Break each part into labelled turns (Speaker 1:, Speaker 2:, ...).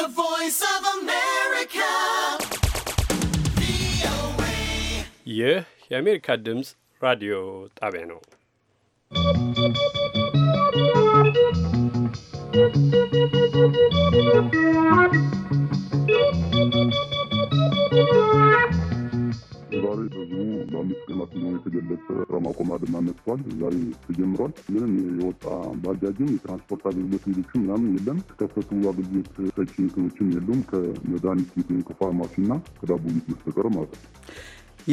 Speaker 1: The voice of America.
Speaker 2: VOA. Yeah, America Dims Radio Tabeno.
Speaker 3: Thank
Speaker 4: ዛሬ ብዙ በአምስት ቀናት ነው የተገለጸ ስራ ማቆም አድማ ነስቷል። ዛሬ ተጀምሯል። ምንም የወጣ ባጃጅም የትራንስፖርት አገልግሎት ሌሎችም ምናምን የለም። ከፈቱ አገልግሎት ሰጪ እንትኖችም የሉም ከመድኃኒት ቤት ከፋርማሲና ከዳቦ ቤት መስተቀር ማለት ነው።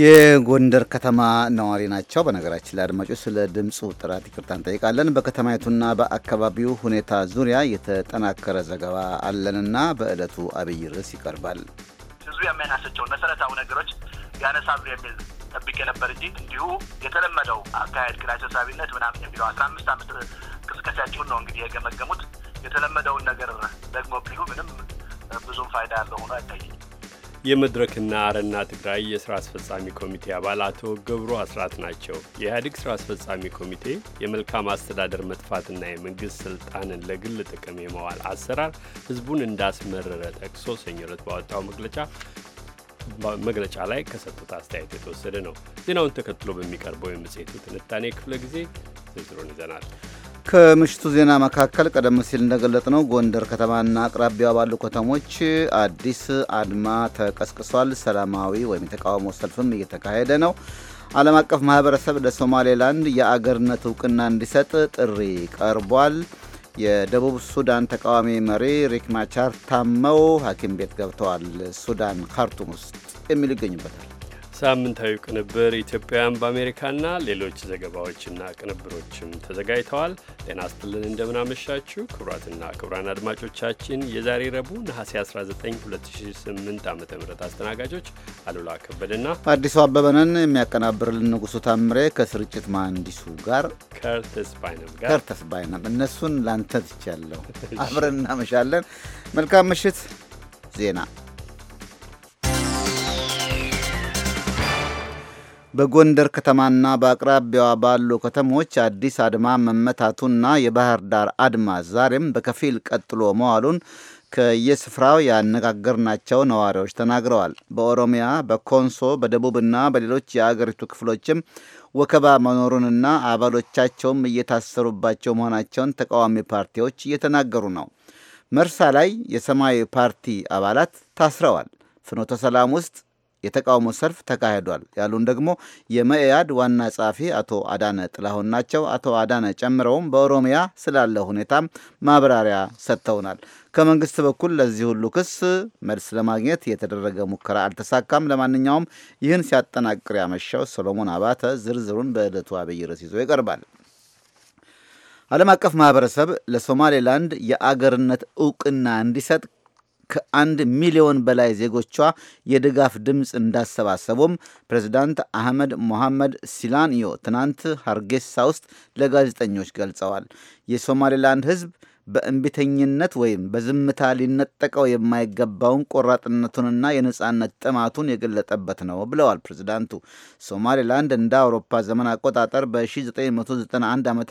Speaker 5: የጎንደር ከተማ ነዋሪ ናቸው። በነገራችን ላይ አድማጮች ስለ ድምፁ ጥራት ይቅርታ እንጠይቃለን። በከተማይቱና በአካባቢው ሁኔታ ዙሪያ የተጠናከረ ዘገባ አለንና በዕለቱ አብይ ርዕስ ይቀርባል።
Speaker 3: ብዙ የሚያናሰቸውን መሰረታዊ ነገሮች ያነሳሉ የሚል ጠብቄ ነበር እንጂ እንዲሁ የተለመደው አካሄድ ኪራይ ሰብሳቢነት ምናምን የሚለው አስራ አምስት አመት ቅስቀሳቸውን ነው እንግዲህ የገመገሙት። የተለመደውን ነገር ደግሞ ቢሉ ምንም ብዙም ፋይዳ ያለው ሆኖ አይታየኝም።
Speaker 2: የመድረክና አረና ትግራይ የስራ አስፈጻሚ ኮሚቴ አባል አቶ ገብሩ አስራት ናቸው። የኢህአዴግ ስራ አስፈጻሚ ኮሚቴ የመልካም አስተዳደር መጥፋትና የመንግስት ስልጣንን ለግል ጥቅም የመዋል አሰራር ህዝቡን እንዳስመረረ ጠቅሶ ሰኞ ዕለት ባወጣው መግለጫ መግለጫ ላይ ከሰጡት አስተያየት የተወሰደ ነው። ዜናውን ተከትሎ በሚቀርበው የመጽሔቱ ትንታኔ ክፍለ ጊዜ ዝርዝሩን ይዘናል።
Speaker 5: ከምሽቱ ዜና መካከል ቀደም ሲል እንደገለጥ ነው። ጎንደር ከተማና አቅራቢያ ባሉ ከተሞች አዲስ አድማ ተቀስቅሷል። ሰላማዊ ወይም የተቃውሞ ሰልፍም እየተካሄደ ነው። ዓለም አቀፍ ማህበረሰብ ለሶማሌላንድ የአገርነት እውቅና እንዲሰጥ ጥሪ ቀርቧል። የደቡብ ሱዳን ተቃዋሚ መሪ ሪክ ማቻር ታመው ሐኪም ቤት ገብተዋል። ሱዳን ካርቱም ውስጥ የሚል ይገኙበታል።
Speaker 2: ሳምንታዊ ቅንብር ኢትዮጵያውያን በአሜሪካና ሌሎች ዘገባዎችና ቅንብሮችም ተዘጋጅተዋል። ጤና ይስጥልን፣ እንደምናመሻችሁ ክቡራትና ክቡራን አድማጮቻችን የዛሬ ረቡዕ ነሐሴ 19 2008 ዓ ም አስተናጋጆች አሉላ ከበደና አዲሱ
Speaker 5: አበበነን የሚያቀናብርልን ንጉሱ ታምሬ ከስርጭት መሐንዲሱ ጋር
Speaker 2: ከርተስ ባይነም ጋር ከርተስ
Speaker 5: ባይነም እነሱን ላንተ ትቻለሁ። አብረን እናመሻለን። መልካም ምሽት ዜና በጎንደር ከተማና በአቅራቢያዋ ባሉ ከተሞች አዲስ አድማ መመታቱና የባህር ዳር አድማ ዛሬም በከፊል ቀጥሎ መዋሉን ከየስፍራው ያነጋገርናቸው ነዋሪዎች ተናግረዋል። በኦሮሚያ፣ በኮንሶ፣ በደቡብና በሌሎች የአገሪቱ ክፍሎችም ወከባ መኖሩንና አባሎቻቸውም እየታሰሩባቸው መሆናቸውን ተቃዋሚ ፓርቲዎች እየተናገሩ ነው። መርሳ ላይ የሰማያዊ ፓርቲ አባላት ታስረዋል። ፍኖተ ሰላም ውስጥ የተቃውሞ ሰልፍ ተካሂዷል ያሉን ደግሞ የመኢአድ ዋና ጸሐፊ አቶ አዳነ ጥላሁን ናቸው። አቶ አዳነ ጨምረውም በኦሮሚያ ስላለ ሁኔታም ማብራሪያ ሰጥተውናል። ከመንግስት በኩል ለዚህ ሁሉ ክስ መልስ ለማግኘት የተደረገ ሙከራ አልተሳካም። ለማንኛውም ይህን ሲያጠናቅር ያመሻው ሰሎሞን አባተ ዝርዝሩን በዕለቱ አብይ ርዕስ ይዞ ይቀርባል። ዓለም አቀፍ ማህበረሰብ ለሶማሌላንድ የአገርነት እውቅና እንዲሰጥ ከአንድ ሚሊዮን በላይ ዜጎቿ የድጋፍ ድምፅ እንዳሰባሰቡም ፕሬዚዳንት አህመድ ሞሐመድ ሲላንዮ ትናንት ሀርጌሳ ውስጥ ለጋዜጠኞች ገልጸዋል። የሶማሌላንድ ሕዝብ በእምቢተኝነት ወይም በዝምታ ሊነጠቀው የማይገባውን ቆራጥነቱንና የነጻነት ጥማቱን የገለጠበት ነው ብለዋል ፕሬዚዳንቱ። ሶማሌላንድ እንደ አውሮፓ ዘመን አቆጣጠር በ1991 ዓ ም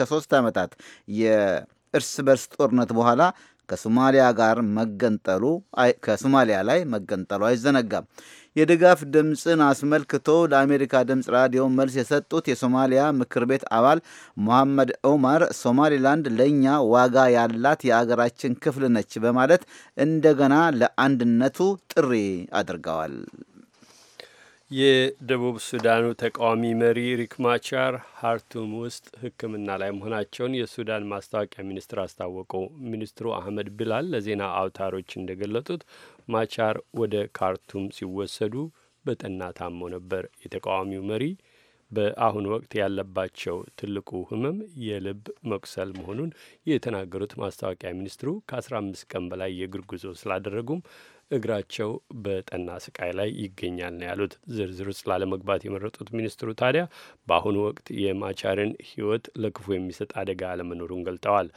Speaker 5: ከሶስት ዓመታት የእርስ በርስ ጦርነት በኋላ ከሶማሊያ ጋር መገንጠሉ ከሶማሊያ ላይ መገንጠሉ አይዘነጋም። የድጋፍ ድምፅን አስመልክቶ ለአሜሪካ ድምፅ ራዲዮ መልስ የሰጡት የሶማሊያ ምክር ቤት አባል ሞሐመድ ዑመር ሶማሊላንድ ለእኛ ዋጋ ያላት የአገራችን ክፍል ነች በማለት እንደገና ለአንድነቱ ጥሪ አድርገዋል።
Speaker 2: የደቡብ ሱዳኑ ተቃዋሚ መሪ ሪክ ማቻር ሀርቱም ውስጥ ሕክምና ላይ መሆናቸውን የሱዳን ማስታወቂያ ሚኒስትር አስታወቁ። ሚኒስትሩ አህመድ ቢላል ለዜና አውታሮች እንደገለጡት ማቻር ወደ ካርቱም ሲወሰዱ በጠና ታሞ ነበር። የተቃዋሚው መሪ በአሁኑ ወቅት ያለባቸው ትልቁ ህመም የልብ መቁሰል መሆኑን የተናገሩት ማስታወቂያ ሚኒስትሩ ከ15 ቀን በላይ የእግር ጉዞ ስላደረጉም እግራቸው በጠና ስቃይ ላይ ይገኛል ነው ያሉት። ዝርዝር ውስጥ ላለመግባት የመረጡት ሚኒስትሩ ታዲያ በአሁኑ ወቅት የማቻርን ሕይወት ለክፉ የሚሰጥ አደጋ አለመኖሩን ገልጠዋል።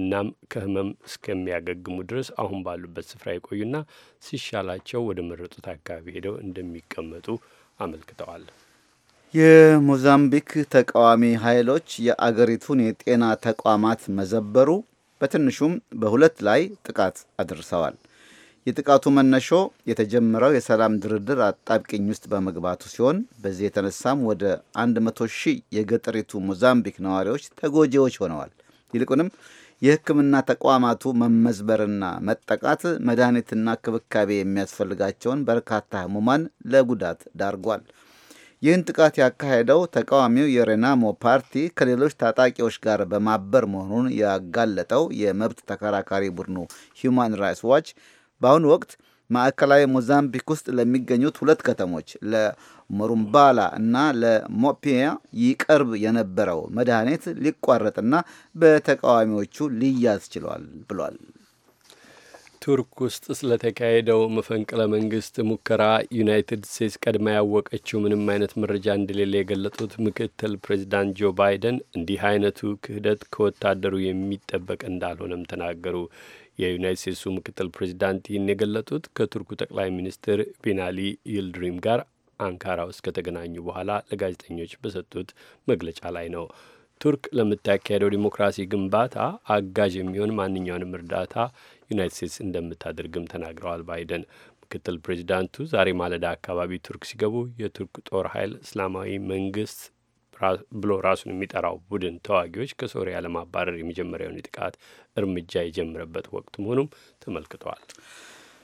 Speaker 2: እናም ከህመም እስከሚያገግሙ ድረስ አሁን ባሉበት ስፍራ ይቆዩና ሲሻላቸው ወደ መረጡት አካባቢ ሄደው እንደሚቀመጡ አመልክተዋል።
Speaker 5: የሞዛምቢክ ተቃዋሚ ኃይሎች የአገሪቱን የጤና ተቋማት መዘበሩ በትንሹም በሁለት ላይ ጥቃት አድርሰዋል። የጥቃቱ መነሾ የተጀመረው የሰላም ድርድር አጣብቅኝ ውስጥ በመግባቱ ሲሆን በዚህ የተነሳም ወደ 100 ሺህ የገጠሪቱ ሞዛምቢክ ነዋሪዎች ተጎጂዎች ሆነዋል። ይልቁንም የሕክምና ተቋማቱ መመዝበርና መጠቃት መድኃኒትና ክብካቤ የሚያስፈልጋቸውን በርካታ ህሙማን ለጉዳት ዳርጓል። ይህን ጥቃት ያካሄደው ተቃዋሚው የሬናሞ ፓርቲ ከሌሎች ታጣቂዎች ጋር በማበር መሆኑን ያጋለጠው የመብት ተከራካሪ ቡድኑ ሂዩማን ራይትስ ዋች በአሁኑ ወቅት ማዕከላዊ ሞዛምቢክ ውስጥ ለሚገኙት ሁለት ከተሞች ለሞሩምባላ እና ለሞፒያ ይቀርብ የነበረው መድኃኒት ሊቋረጥና በተቃዋሚዎቹ ሊያዝ ችሏል ብሏል።
Speaker 2: ቱርክ ውስጥ ስለተካሄደው መፈንቅለ መንግስት ሙከራ ዩናይትድ ስቴትስ ቀድማ ያወቀችው ምንም አይነት መረጃ እንደሌለ የገለጡት ምክትል ፕሬዚዳንት ጆ ባይደን እንዲህ አይነቱ ክህደት ከወታደሩ የሚጠበቅ እንዳልሆነም ተናገሩ። የዩናይት ስቴትሱ ምክትል ፕሬዚዳንት ይህን የገለጡት ከቱርኩ ጠቅላይ ሚኒስትር ቢናሊ ይልድሪም ጋር አንካራ ውስጥ ከተገናኙ በኋላ ለጋዜጠኞች በሰጡት መግለጫ ላይ ነው። ቱርክ ለምታካሄደው ዲሞክራሲ ግንባታ አጋዥ የሚሆን ማንኛውንም እርዳታ ዩናይት ስቴትስ እንደምታደርግም ተናግረዋል ባይደን። ምክትል ፕሬዚዳንቱ ዛሬ ማለዳ አካባቢ ቱርክ ሲገቡ የቱርክ ጦር ኃይል እስላማዊ መንግስት ብሎ ራሱን የሚጠራው ቡድን ተዋጊዎች ከሶሪያ ለማባረር የመጀመሪያውን የጥቃት እርምጃ የጀመረበት ወቅት መሆኑም ተመልክተዋል።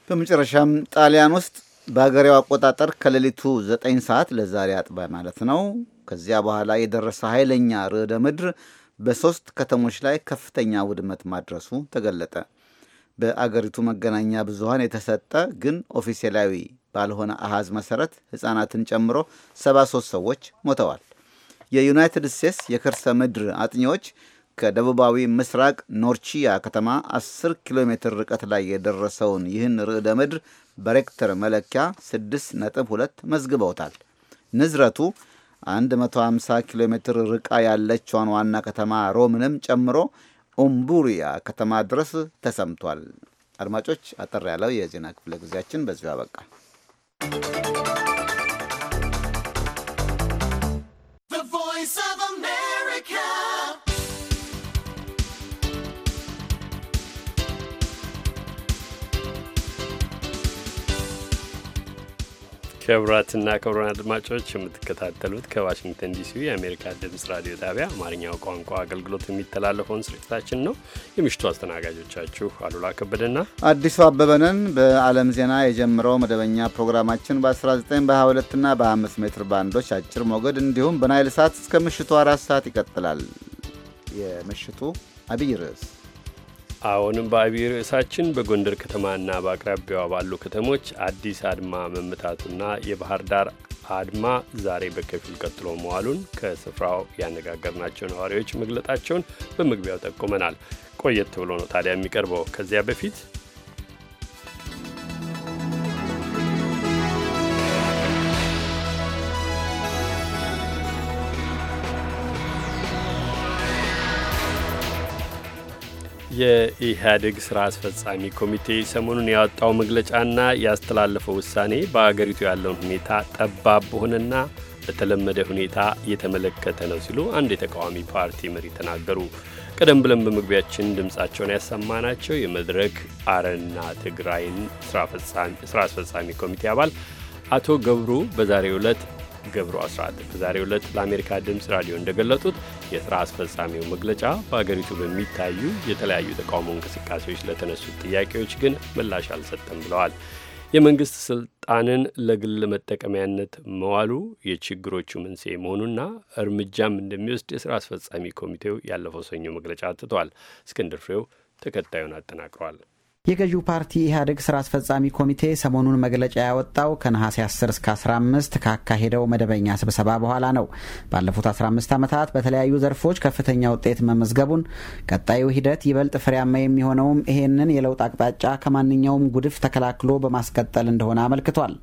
Speaker 5: በመጨረሻም ጣሊያን ውስጥ በሀገሬው አቆጣጠር ከሌሊቱ ዘጠኝ ሰዓት ለዛሬ አጥባ ማለት ነው። ከዚያ በኋላ የደረሰ ኃይለኛ ርዕደ ምድር በሶስት ከተሞች ላይ ከፍተኛ ውድመት ማድረሱ ተገለጠ። በአገሪቱ መገናኛ ብዙሃን የተሰጠ ግን ኦፊሴላዊ ባልሆነ አሃዝ መሰረት ሕፃናትን ጨምሮ 73 ሰዎች ሞተዋል። የዩናይትድ ስቴትስ የከርሰ ምድር አጥኚዎች ከደቡባዊ ምስራቅ ኖርቺያ ከተማ 10 ኪሎ ሜትር ርቀት ላይ የደረሰውን ይህን ርዕደ ምድር በሬክተር መለኪያ 6.2 መዝግበውታል። ንዝረቱ 150 ኪሎ ሜትር ርቃ ያለችዋን ዋና ከተማ ሮምንም ጨምሮ ኡምቡሪያ ከተማ ድረስ ተሰምቷል። አድማጮች፣ አጠር ያለው የዜና ክፍለ ጊዜያችን በዚሁ አበቃ።
Speaker 2: ክቡራትና ክቡራን አድማጮች የምትከታተሉት ከዋሽንግተን ዲሲ የአሜሪካ ድምፅ ራዲዮ ጣቢያ አማርኛው ቋንቋ አገልግሎት የሚተላለፈውን ስርጭታችን ነው። የምሽቱ አስተናጋጆቻችሁ አሉላ ከበደና
Speaker 5: አዲሱ አበበንን በዓለም ዜና የጀመረው መደበኛ ፕሮግራማችን በ19 በ22ና በ25 ሜትር ባንዶች አጭር ሞገድ እንዲሁም በናይል ሰዓት እስከ ምሽቱ አራት ሰዓት ይቀጥላል። የምሽቱ አብይ ርዕስ
Speaker 2: አሁንም በአብይ ርዕሳችን በጎንደር ከተማና በአቅራቢያዋ ባሉ ከተሞች አዲስ አድማ መመታቱና የባህር ዳር አድማ ዛሬ በከፊል ቀጥሎ መዋሉን ከስፍራው ያነጋገርናቸው ነዋሪዎች መግለጣቸውን በመግቢያው ጠቁመናል። ቆየት ብሎ ነው ታዲያ የሚቀርበው። ከዚያ በፊት የኢህአዴግ ስራ አስፈጻሚ ኮሚቴ ሰሞኑን ያወጣው መግለጫና ያስተላለፈው ውሳኔ በአገሪቱ ያለውን ሁኔታ ጠባብ በሆነና በተለመደ ሁኔታ እየተመለከተ ነው ሲሉ አንድ የተቃዋሚ ፓርቲ መሪ ተናገሩ። ቀደም ብለን በመግቢያችን ድምፃቸውን ያሰማናቸው የመድረክ አረና ትግራይን ስራ አስፈጻሚ ኮሚቴ አባል አቶ ገብሩ በዛሬው ዕለት ገብሩ አስራት በዛሬው ዕለት ለአሜሪካ ድምፅ ራዲዮ እንደገለጡት የሥራ አስፈጻሚው መግለጫ በአገሪቱ በሚታዩ የተለያዩ ተቃውሞ እንቅስቃሴዎች ለተነሱት ጥያቄዎች ግን ምላሽ አልሰጠም ብለዋል። የመንግስት ስልጣንን ለግል መጠቀሚያነት መዋሉ የችግሮቹ መንስኤ መሆኑና እርምጃም እንደሚወስድ የሥራ አስፈጻሚ ኮሚቴው ያለፈው ሰኞ መግለጫ አትቷል። እስክንድር ፍሬው ተከታዩን አጠናቅሯል።
Speaker 1: የገዢው ፓርቲ ኢህአዴግ ስራ አስፈጻሚ ኮሚቴ ሰሞኑን መግለጫ ያወጣው ከነሐሴ 10 እስከ 15 ካካሄደው መደበኛ ስብሰባ በኋላ ነው። ባለፉት 15 ዓመታት በተለያዩ ዘርፎች ከፍተኛ ውጤት መመዝገቡን፣ ቀጣዩ ሂደት ይበልጥ ፍሬያማ የሚሆነውም ይሄንን የለውጥ አቅጣጫ ከማንኛውም ጉድፍ ተከላክሎ በማስቀጠል እንደሆነ አመልክቷል።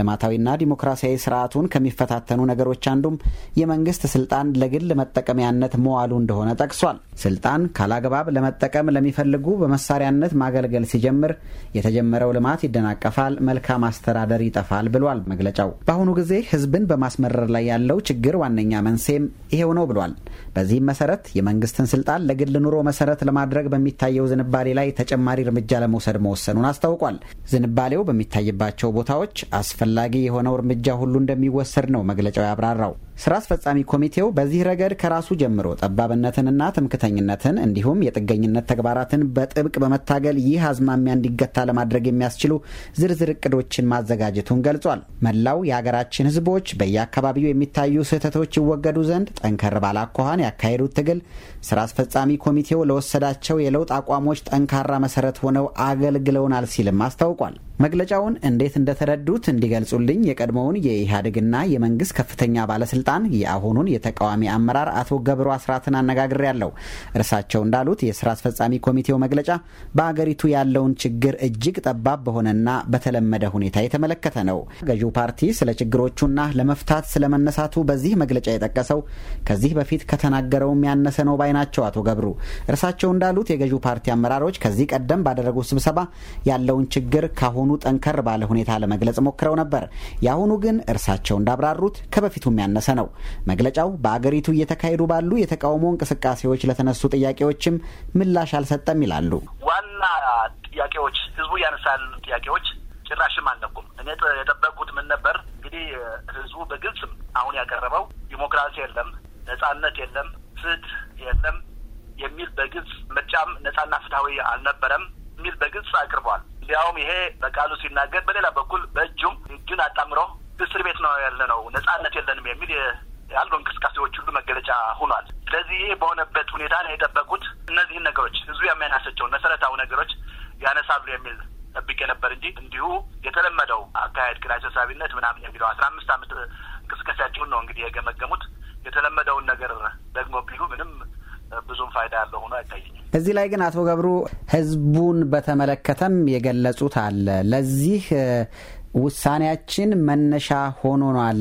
Speaker 1: ልማታዊና ዲሞክራሲያዊ ስርዓቱን ከሚፈታተኑ ነገሮች አንዱም የመንግስት ስልጣን ለግል መጠቀሚያነት መዋሉ እንደሆነ ጠቅሷል። ስልጣን ካላግባብ ለመጠቀም ለሚፈልጉ በመሳሪያነት ማገልገል መቀጠል ሲጀምር የተጀመረው ልማት ይደናቀፋል፣ መልካም አስተዳደር ይጠፋል ብሏል መግለጫው። በአሁኑ ጊዜ ህዝብን በማስመረር ላይ ያለው ችግር ዋነኛ መንስኤም ይሄው ነው ብሏል። በዚህም መሰረት የመንግስትን ስልጣን ለግል ኑሮ መሰረት ለማድረግ በሚታየው ዝንባሌ ላይ ተጨማሪ እርምጃ ለመውሰድ መወሰኑን አስታውቋል። ዝንባሌው በሚታይባቸው ቦታዎች አስፈላጊ የሆነው እርምጃ ሁሉ እንደሚወሰድ ነው መግለጫው ያብራራው። ስራ አስፈጻሚ ኮሚቴው በዚህ ረገድ ከራሱ ጀምሮ ጠባብነትንና ትምክተኝነትን እንዲሁም የጥገኝነት ተግባራትን በጥብቅ በመታገል ይህ አዝማሚያ እንዲገታ ለማድረግ የሚያስችሉ ዝርዝር እቅዶችን ማዘጋጀቱን ገልጿል። መላው የሀገራችን ህዝቦች በየአካባቢው የሚታዩ ስህተቶች ይወገዱ ዘንድ ጠንከር ባላኳኋን ያካሄዱት ትግል ስራ አስፈጻሚ ኮሚቴው ለወሰዳቸው የለውጥ አቋሞች ጠንካራ መሰረት ሆነው አገልግለውናል ሲልም አስታውቋል። መግለጫውን እንዴት እንደተረዱት እንዲገልጹልኝ የቀድሞውን የኢህአዴግና የመንግስት ከፍተኛ ባለስልጣን የአሁኑን የተቃዋሚ አመራር አቶ ገብሩ አስራትን አነጋግሬያለሁ። እርሳቸው እንዳሉት የስራ አስፈጻሚ ኮሚቴው መግለጫ በአገሪቱ ያለውን ችግር እጅግ ጠባብ በሆነና በተለመደ ሁኔታ የተመለከተ ነው። ገዢው ፓርቲ ስለ ችግሮቹና ለመፍታት ስለመነሳቱ በዚህ መግለጫ የጠቀሰው ከዚህ በፊት ከተናገረውም ያነሰ ነው ባይ ናቸው አቶ ገብሩ። እርሳቸው እንዳሉት የገዢው ፓርቲ አመራሮች ከዚህ ቀደም ባደረጉት ስብሰባ ያለውን ችግር ካሁኑ ከአሁኑ ጠንከር ባለ ሁኔታ ለመግለጽ ሞክረው ነበር። የአሁኑ ግን እርሳቸው እንዳብራሩት ከበፊቱም ያነሰ ነው። መግለጫው በአገሪቱ እየተካሄዱ ባሉ የተቃውሞ እንቅስቃሴዎች ለተነሱ ጥያቄዎችም ምላሽ አልሰጠም ይላሉ።
Speaker 3: ዋና ጥያቄዎች ህዝቡ ያነሳል ጥያቄዎች ጭራሽም አልነቁም። እኔ የጠበቁት ምን ነበር እንግዲህ ህዝቡ በግልጽም አሁን ያቀረበው ዲሞክራሲ የለም፣ ነጻነት የለም፣ ፍትህ የለም የሚል በግልጽ ምርጫም ነጻና ፍትሐዊ አልነበረም የሚል በግልጽ አቅርበዋል። ሊያውም ይሄ በቃሉ ሲናገር በሌላ በኩል በእጁም እጁን አጣምሮ እስር ቤት ነው ያለ ነው ነጻነት የለንም የሚል የአልጎ እንቅስቃሴዎች ሁሉ መገለጫ ሆኗል። ስለዚህ ይሄ በሆነበት ሁኔታ ነው የጠበቁት እነዚህን ነገሮች ህዝቡ የሚያናሰቸውን መሰረታዊ ነገሮች ያነሳሉ የሚል ጠብቄ ነበር እንጂ እንዲሁ የተለመደው አካሄድ ኪራይ ሰብሳቢነት ምናምን የሚለው አስራ አምስት አመት እንቅስቃሴያቸውን ነው እንግዲህ የገመገሙት የተለመደውን ነገር ደግሞ ቢሉ ምንም ብዙም ፋይዳ
Speaker 6: ያለው ሆኖ
Speaker 1: አይታየኝም። እዚህ ላይ ግን አቶ ገብሩ ህዝቡን በተመለከተም የገለጹት አለ ለዚህ ውሳኔያችን መነሻ ሆኖኗል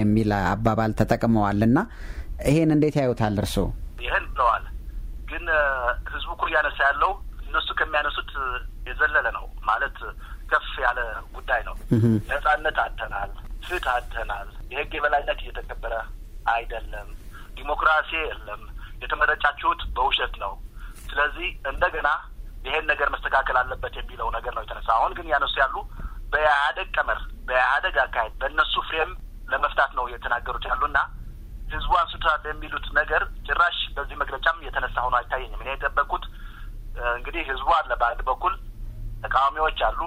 Speaker 1: የሚል አባባል ተጠቅመዋል እና ይሄን እንዴት ያዩታል እርስዎ? ይህን
Speaker 3: ብለዋል። ግን ህዝቡ እኮ እያነሳ ያለው እነሱ ከሚያነሱት የዘለለ ነው ማለት ከፍ ያለ ጉዳይ ነው። ነጻነት አተናል፣ ፍትህ አተናል፣ የህግ የበላይነት እየተከበረ አይደለም፣ ዲሞክራሲ የለም፣ የተመረጫችሁት በውሸት ነው ስለዚህ እንደገና ይሄን ነገር መስተካከል አለበት የሚለው ነገር ነው የተነሳ። አሁን ግን ያነሱ ያሉ በኢህአደግ ቀመር፣ በኢህአደግ አካሄድ፣ በእነሱ ፍሬም ለመፍታት ነው የተናገሩት ያሉና ህዝቡ አንስቷል የሚሉት ነገር ጭራሽ በዚህ መግለጫም የተነሳ ሆኖ አይታየኝም። እኔ የጠበቅኩት እንግዲህ ህዝቡ አለ፣ በአንድ በኩል ተቃዋሚዎች አሉ፣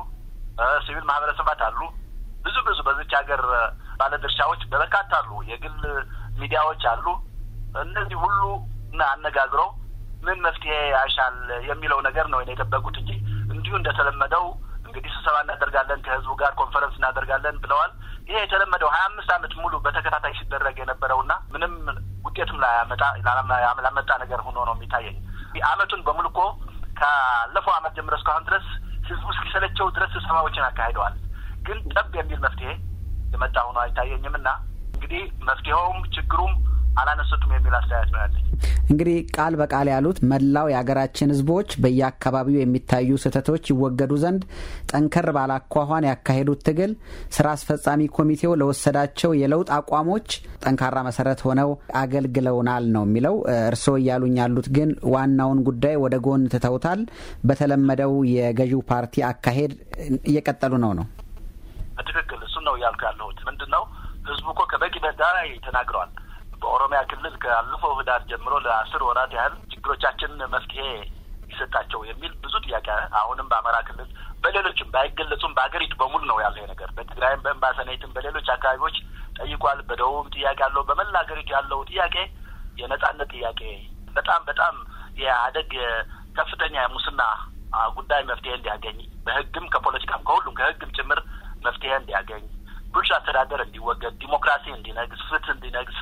Speaker 3: ሲቪል ማህበረሰባት አሉ፣ ብዙ ብዙ በዚች ሀገር ባለድርሻዎች በበርካታ አሉ፣ የግል ሚዲያዎች አሉ። እነዚህ ሁሉ እና አነጋግረው ምን መፍትሄ ያሻል የሚለው ነገር ነው የጠበቁት እንጂ እንዲሁ እንደተለመደው እንግዲህ ስብሰባ እናደርጋለን ከህዝቡ ጋር ኮንፈረንስ እናደርጋለን ብለዋል። ይሄ የተለመደው ሀያ አምስት ዓመት ሙሉ በተከታታይ ሲደረግ የነበረውና ምንም ላያመጣ ላመጣ ነገር ሆኖ ነው የሚታየኝ። አመቱን በሙሉ እኮ ካለፈው አመት ጀምረ እስካሁን ድረስ ህዝቡ እስኪሰለቸው ድረስ ስብሰባዎችን አካሂደዋል። ግን ጠብ የሚል መፍትሄ የመጣ ሆኖ አይታየኝም እና እንግዲህ መፍትሄውም ችግሩም አላነሱትም የሚል አስተያየት ነው ያለኝ።
Speaker 1: እንግዲህ ቃል በቃል ያሉት መላው የሀገራችን ህዝቦች በየአካባቢው የሚታዩ ስህተቶች ይወገዱ ዘንድ ጠንከር ባላኳኋን ያካሄዱት ትግል ስራ አስፈጻሚ ኮሚቴው ለወሰዳቸው የለውጥ አቋሞች ጠንካራ መሰረት ሆነው አገልግለውናል ነው የሚለው። እርስዎ እያሉኝ ያሉት ግን ዋናውን ጉዳይ ወደ ጎን ትተውታል። በተለመደው የገዢው ፓርቲ አካሄድ እየቀጠሉ ነው ነው
Speaker 3: በትክክል እሱን ነው እያልኩ ያለሁት። ምንድን ነው ህዝቡ እኮ ከበቂ በላይ ተናግረዋል። በኦሮሚያ ክልል ካለፈው ህዳር ጀምሮ ለአስር ወራት ያህል ችግሮቻችን መፍትሄ ይሰጣቸው የሚል ብዙ ጥያቄ አሁንም በአማራ ክልል በሌሎችም ባይገለጹም በሀገሪቱ በሙሉ ነው ያለ ነገር። በትግራይም በእምባሰኔትም በሌሎች አካባቢዎች ጠይቋል። በደቡብም ጥያቄ አለው። በመላ ሀገሪቱ ያለው ጥያቄ የነጻነት ጥያቄ በጣም በጣም የአደግ ከፍተኛ የሙስና ጉዳይ መፍትሄ እንዲያገኝ በህግም ከፖለቲካም ከሁሉም ከህግም ጭምር መፍትሄ እንዲያገኝ፣ ብልሹ አስተዳደር እንዲወገድ፣ ዲሞክራሲ እንዲነግስ፣ ፍትህ እንዲነግስ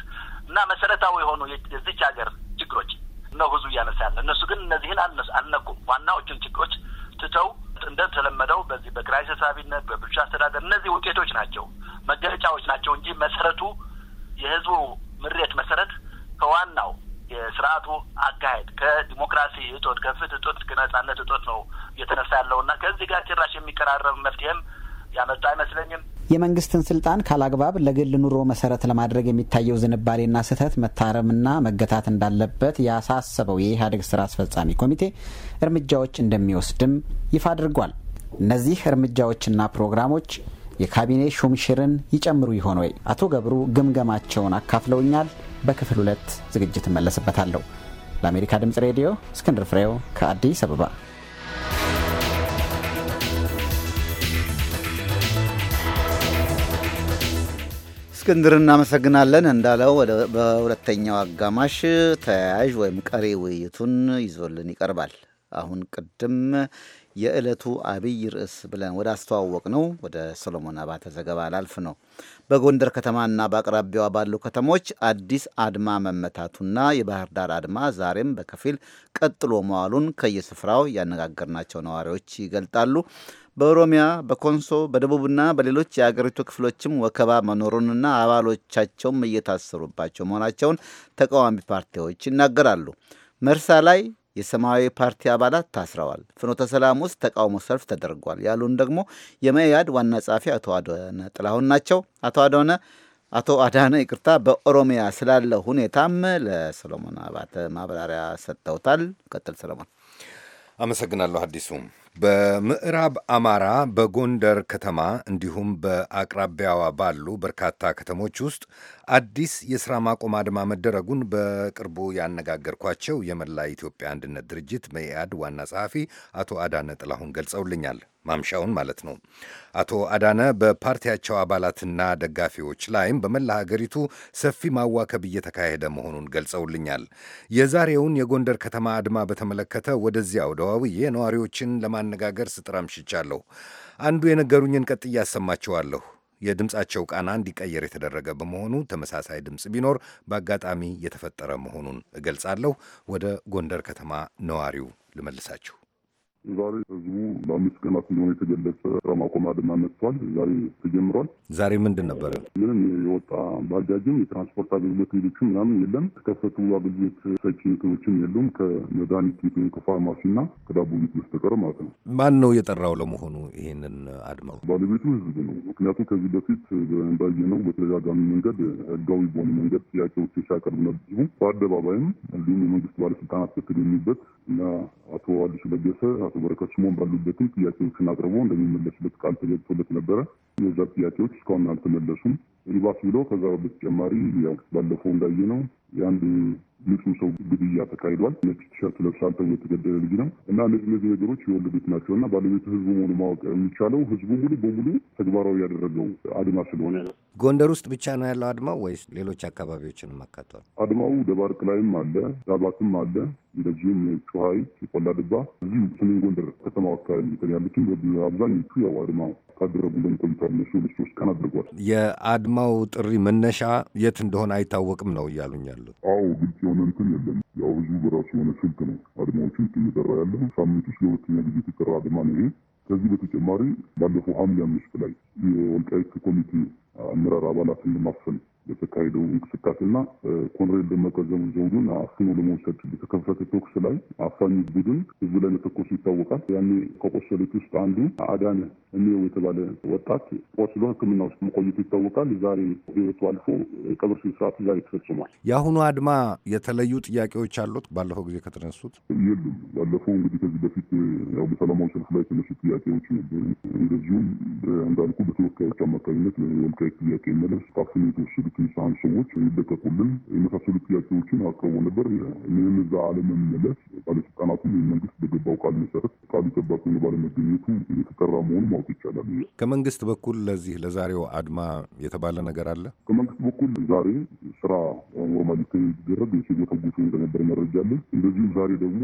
Speaker 3: እና መሰረታዊ የሆኑ የዚች ሀገር ችግሮች ነው ብዙ እያነሳ ያለ። እነሱ ግን እነዚህን አልነኩም። ዋናዎቹን ችግሮች ትተው እንደተለመደው በዚህ በኪራይ ሰብሳቢነት፣ በብልሹ አስተዳደር እነዚህ ውጤቶች ናቸው መገለጫዎች ናቸው እንጂ መሰረቱ የህዝቡ ምሬት መሰረት ከዋናው የስርዓቱ አካሄድ ከዲሞክራሲ እጦት፣ ከፍትህ እጦት፣ ከነጻነት እጦት ነው እየተነሳ እና ከዚህ ጋር ጭራሽ የሚቀራረብ መፍትሄም ያመጣ
Speaker 1: አይመስለኝም። የመንግስትን ስልጣን ካላግባብ ለግል ኑሮ መሰረት ለማድረግ የሚታየው ዝንባሌና ስህተት መታረምና መገታት እንዳለበት ያሳሰበው የኢህአዴግ ስራ አስፈጻሚ ኮሚቴ እርምጃዎች እንደሚወስድም ይፋ አድርጓል። እነዚህ እርምጃዎችና ፕሮግራሞች የካቢኔ ሹምሽርን ይጨምሩ ይሆን ወይ? አቶ ገብሩ ግምገማቸውን አካፍለውኛል። በክፍል ሁለት ዝግጅት እመለስበታለሁ። ለአሜሪካ ድምፅ ሬዲዮ እስክንድር ፍሬው ከአዲስ አበባ
Speaker 5: እስክንድር እናመሰግናለን። እንዳለው በሁለተኛው አጋማሽ ተያያዥ ወይም ቀሪ ውይይቱን ይዞልን ይቀርባል። አሁን ቅድም የዕለቱ አብይ ርዕስ ብለን ወደ አስተዋወቅ ነው ወደ ሰሎሞን አባተ ዘገባ ላልፍ ነው። በጎንደር ከተማና በአቅራቢያዋ ባሉ ከተሞች አዲስ አድማ መመታቱና የባህር ዳር አድማ ዛሬም በከፊል ቀጥሎ መዋሉን ከየስፍራው ያነጋገርናቸው ነዋሪዎች ይገልጣሉ። በኦሮሚያ በኮንሶ በደቡብና በሌሎች የአገሪቱ ክፍሎችም ወከባ መኖሩንና አባሎቻቸውም እየታሰሩባቸው መሆናቸውን ተቃዋሚ ፓርቲዎች ይናገራሉ። መርሳ ላይ የሰማያዊ ፓርቲ አባላት ታስረዋል። ፍኖተ ሰላም ውስጥ ተቃውሞ ሰልፍ ተደርጓል ያሉን ደግሞ የመኢአድ ዋና ጸሐፊ አቶ አዶነ ጥላሁን ናቸው። አቶ አዳነ አቶ አዳነ ይቅርታ፣ በኦሮሚያ ስላለ ሁኔታም ለሰሎሞን አባተ ማብራሪያ ሰጥተውታል። ቀጥል ሰሎሞን። አመሰግናለሁ አዲሱ በምዕራብ አማራ
Speaker 7: በጎንደር ከተማ እንዲሁም በአቅራቢያዋ ባሉ በርካታ ከተሞች ውስጥ አዲስ የሥራ ማቆም አድማ መደረጉን በቅርቡ ያነጋገርኳቸው የመላ ኢትዮጵያ አንድነት ድርጅት መኢአድ ዋና ጸሐፊ አቶ አዳነ ጥላሁን ገልጸውልኛል። ማምሻውን ማለት ነው። አቶ አዳነ በፓርቲያቸው አባላትና ደጋፊዎች ላይም በመላ ሀገሪቱ ሰፊ ማዋከብ እየተካሄደ መሆኑን ገልጸውልኛል። የዛሬውን የጎንደር ከተማ አድማ በተመለከተ ወደዚያው ደዋውዬ ነዋሪዎችን ለማነጋገር ስጥር አምሽቻለሁ። አንዱ የነገሩኝን ቀጥ አሰማችኋለሁ። የድምፃቸው ቃና እንዲቀየር የተደረገ በመሆኑ ተመሳሳይ ድምፅ ቢኖር በአጋጣሚ የተፈጠረ መሆኑን እገልጻለሁ። ወደ ጎንደር ከተማ ነዋሪው ልመልሳችሁ።
Speaker 4: ዛሬ ህዝቡ ለአምስት ቀናት እንደሆነ የተገለጸ ስራ ማቆም አድማ መጥቷል። ዛሬ ተጀምሯል። ዛሬ ምንድን ነበረ? ምንም የወጣ ባጃጅም የትራንስፖርት አገልግሎት ቤቶችም ምናምን የለም። ከከፈቱ አገልግሎት ሰጪ እንትኖችም የሉም ከመድኃኒት ቤት ወይም ከፋርማሲና ከዳቦ ቤት በስተቀር ማለት ነው። ማን ነው የጠራው ለመሆኑ ይሄንን አድማው? ባለቤቱ ህዝብ ነው። ምክንያቱም ከዚህ በፊት እንዳየ ነው በተደጋጋሚ መንገድ ህጋዊ በሆነ መንገድ ጥያቄዎች ሲያቀርብ ነበር። በአደባባይም እንዲሁም የመንግስት ባለስልጣናት በተገኙበት እና አቶ አዲሱ ለገሰ አቶ በረከት ስምኦን ባሉበትም ጥያቄዎችን አቅርቦ እንደሚመለስበት ቃል ተገብቶለት ነበረ። የዛ ጥያቄዎች እስካሁን አልተመለሱም። ሪባ ኪሎ ከዛ በተጨማሪ ባለፈው እንዳየ ነው የአንድ ንጹህ ሰው ግድያ ተካሂዷል። ነጭ ቲሸርት ለብሳል ተብሎ የተገደለ ልጅ ነው እና እነዚህ እነዚህ ነገሮች የወለዱት ናቸው እና ባለቤቱ ህዝቡ መሆኑ ማወቅ የሚቻለው ህዝቡ ሙሉ በሙሉ ተግባራዊ ያደረገው አድማ ስለሆነ ነው። ጎንደር ውስጥ
Speaker 7: ብቻ ነው ያለው አድማው ወይስ ሌሎች አካባቢዎችንም
Speaker 4: አካቷል? አድማው ደባርቅ ላይም አለ፣ ዳባትም አለ፣ እንደዚሁም ጩሀይ፣ ቆላ ድባ፣ እዚሁ ሰሜን ጎንደር ከተማው አካባቢ ያሉትም አብዛኞቹ ያው አድማው ካደረጉ ቆይቷል። እነሱ ሶስት ቀን አድርጓል።
Speaker 7: የዓላማው ጥሪ መነሻ የት እንደሆነ አይታወቅም ነው እያሉኝ ያሉት?
Speaker 4: አዎ ግልጽ የሆነ እንትን የለም። ያው ህዝቡ በራሱ የሆነ ስልክ ነው አድማዎችን እየጠራ ያለው። ሳምንት ውስጥ ለሁለተኛ ጊዜ የተጠራ አድማ ነው ይሄ። ከዚህ በተጨማሪ ባለፈው ሐምሌ አምስት ላይ የወልቃይት ኮሚቴ አመራር አባላትን ለማፈን በተካሄደው እንቅስቃሴና ኮንሬል ደመቀ ዘውዱን አፍኖ ለመውሰድ በተከፈተ ተኩስ ላይ አፋኝ ቡድን ህዝብ ላይ መተኮሱ ይታወቃል። ያኔ ከቆሰሉት ውስጥ አንዱ አዳነ እኔው የተባለ ወጣት ቆስሎ ሕክምና ውስጥ መቆየቱ ይታወቃል። ዛሬ ህይወቱ አልፎ ቀብር ስነ ስርዓቱ ዛሬ ተፈጽሟል። የአሁኑ አድማ
Speaker 7: የተለዩ ጥያቄዎች አሉት? ባለፈው ጊዜ ከተነሱት
Speaker 4: የሉም። ባለፈው እንግዲህ ከዚህ በፊት ያው በሰላማዊ ሰልፍ ላይ የተነሱ ጥያቄዎች ነበሩ። እንደዚሁም እንዳልኩ በተወካዮች አማካኝነት የወልቃይት ጥያቄ መለስ ታፍኖ የተወሰዱ ትንሳን ሰዎች ይለቀቁልን የመሳሰሉ ጥያቄዎችን አቅርቦ ነበር። ይህን እዛ አለመመለስ ባለስልጣናቱም መንግስት በገባው ቃል መሰረት ቃሉ ተባክኖ ባለመገኘቱ የተጠራ መሆኑ ማወቅ ይቻላል።
Speaker 7: ከመንግስት በኩል ለዚህ ለዛሬው አድማ የተባለ ነገር አለ?
Speaker 4: ከመንግስት በኩል ዛሬ ስራ ኖርማሊ እንዲደረግ ሲጎተጉቱ እንደነበር መረጃ አለን። እንደዚሁም ዛሬ ደግሞ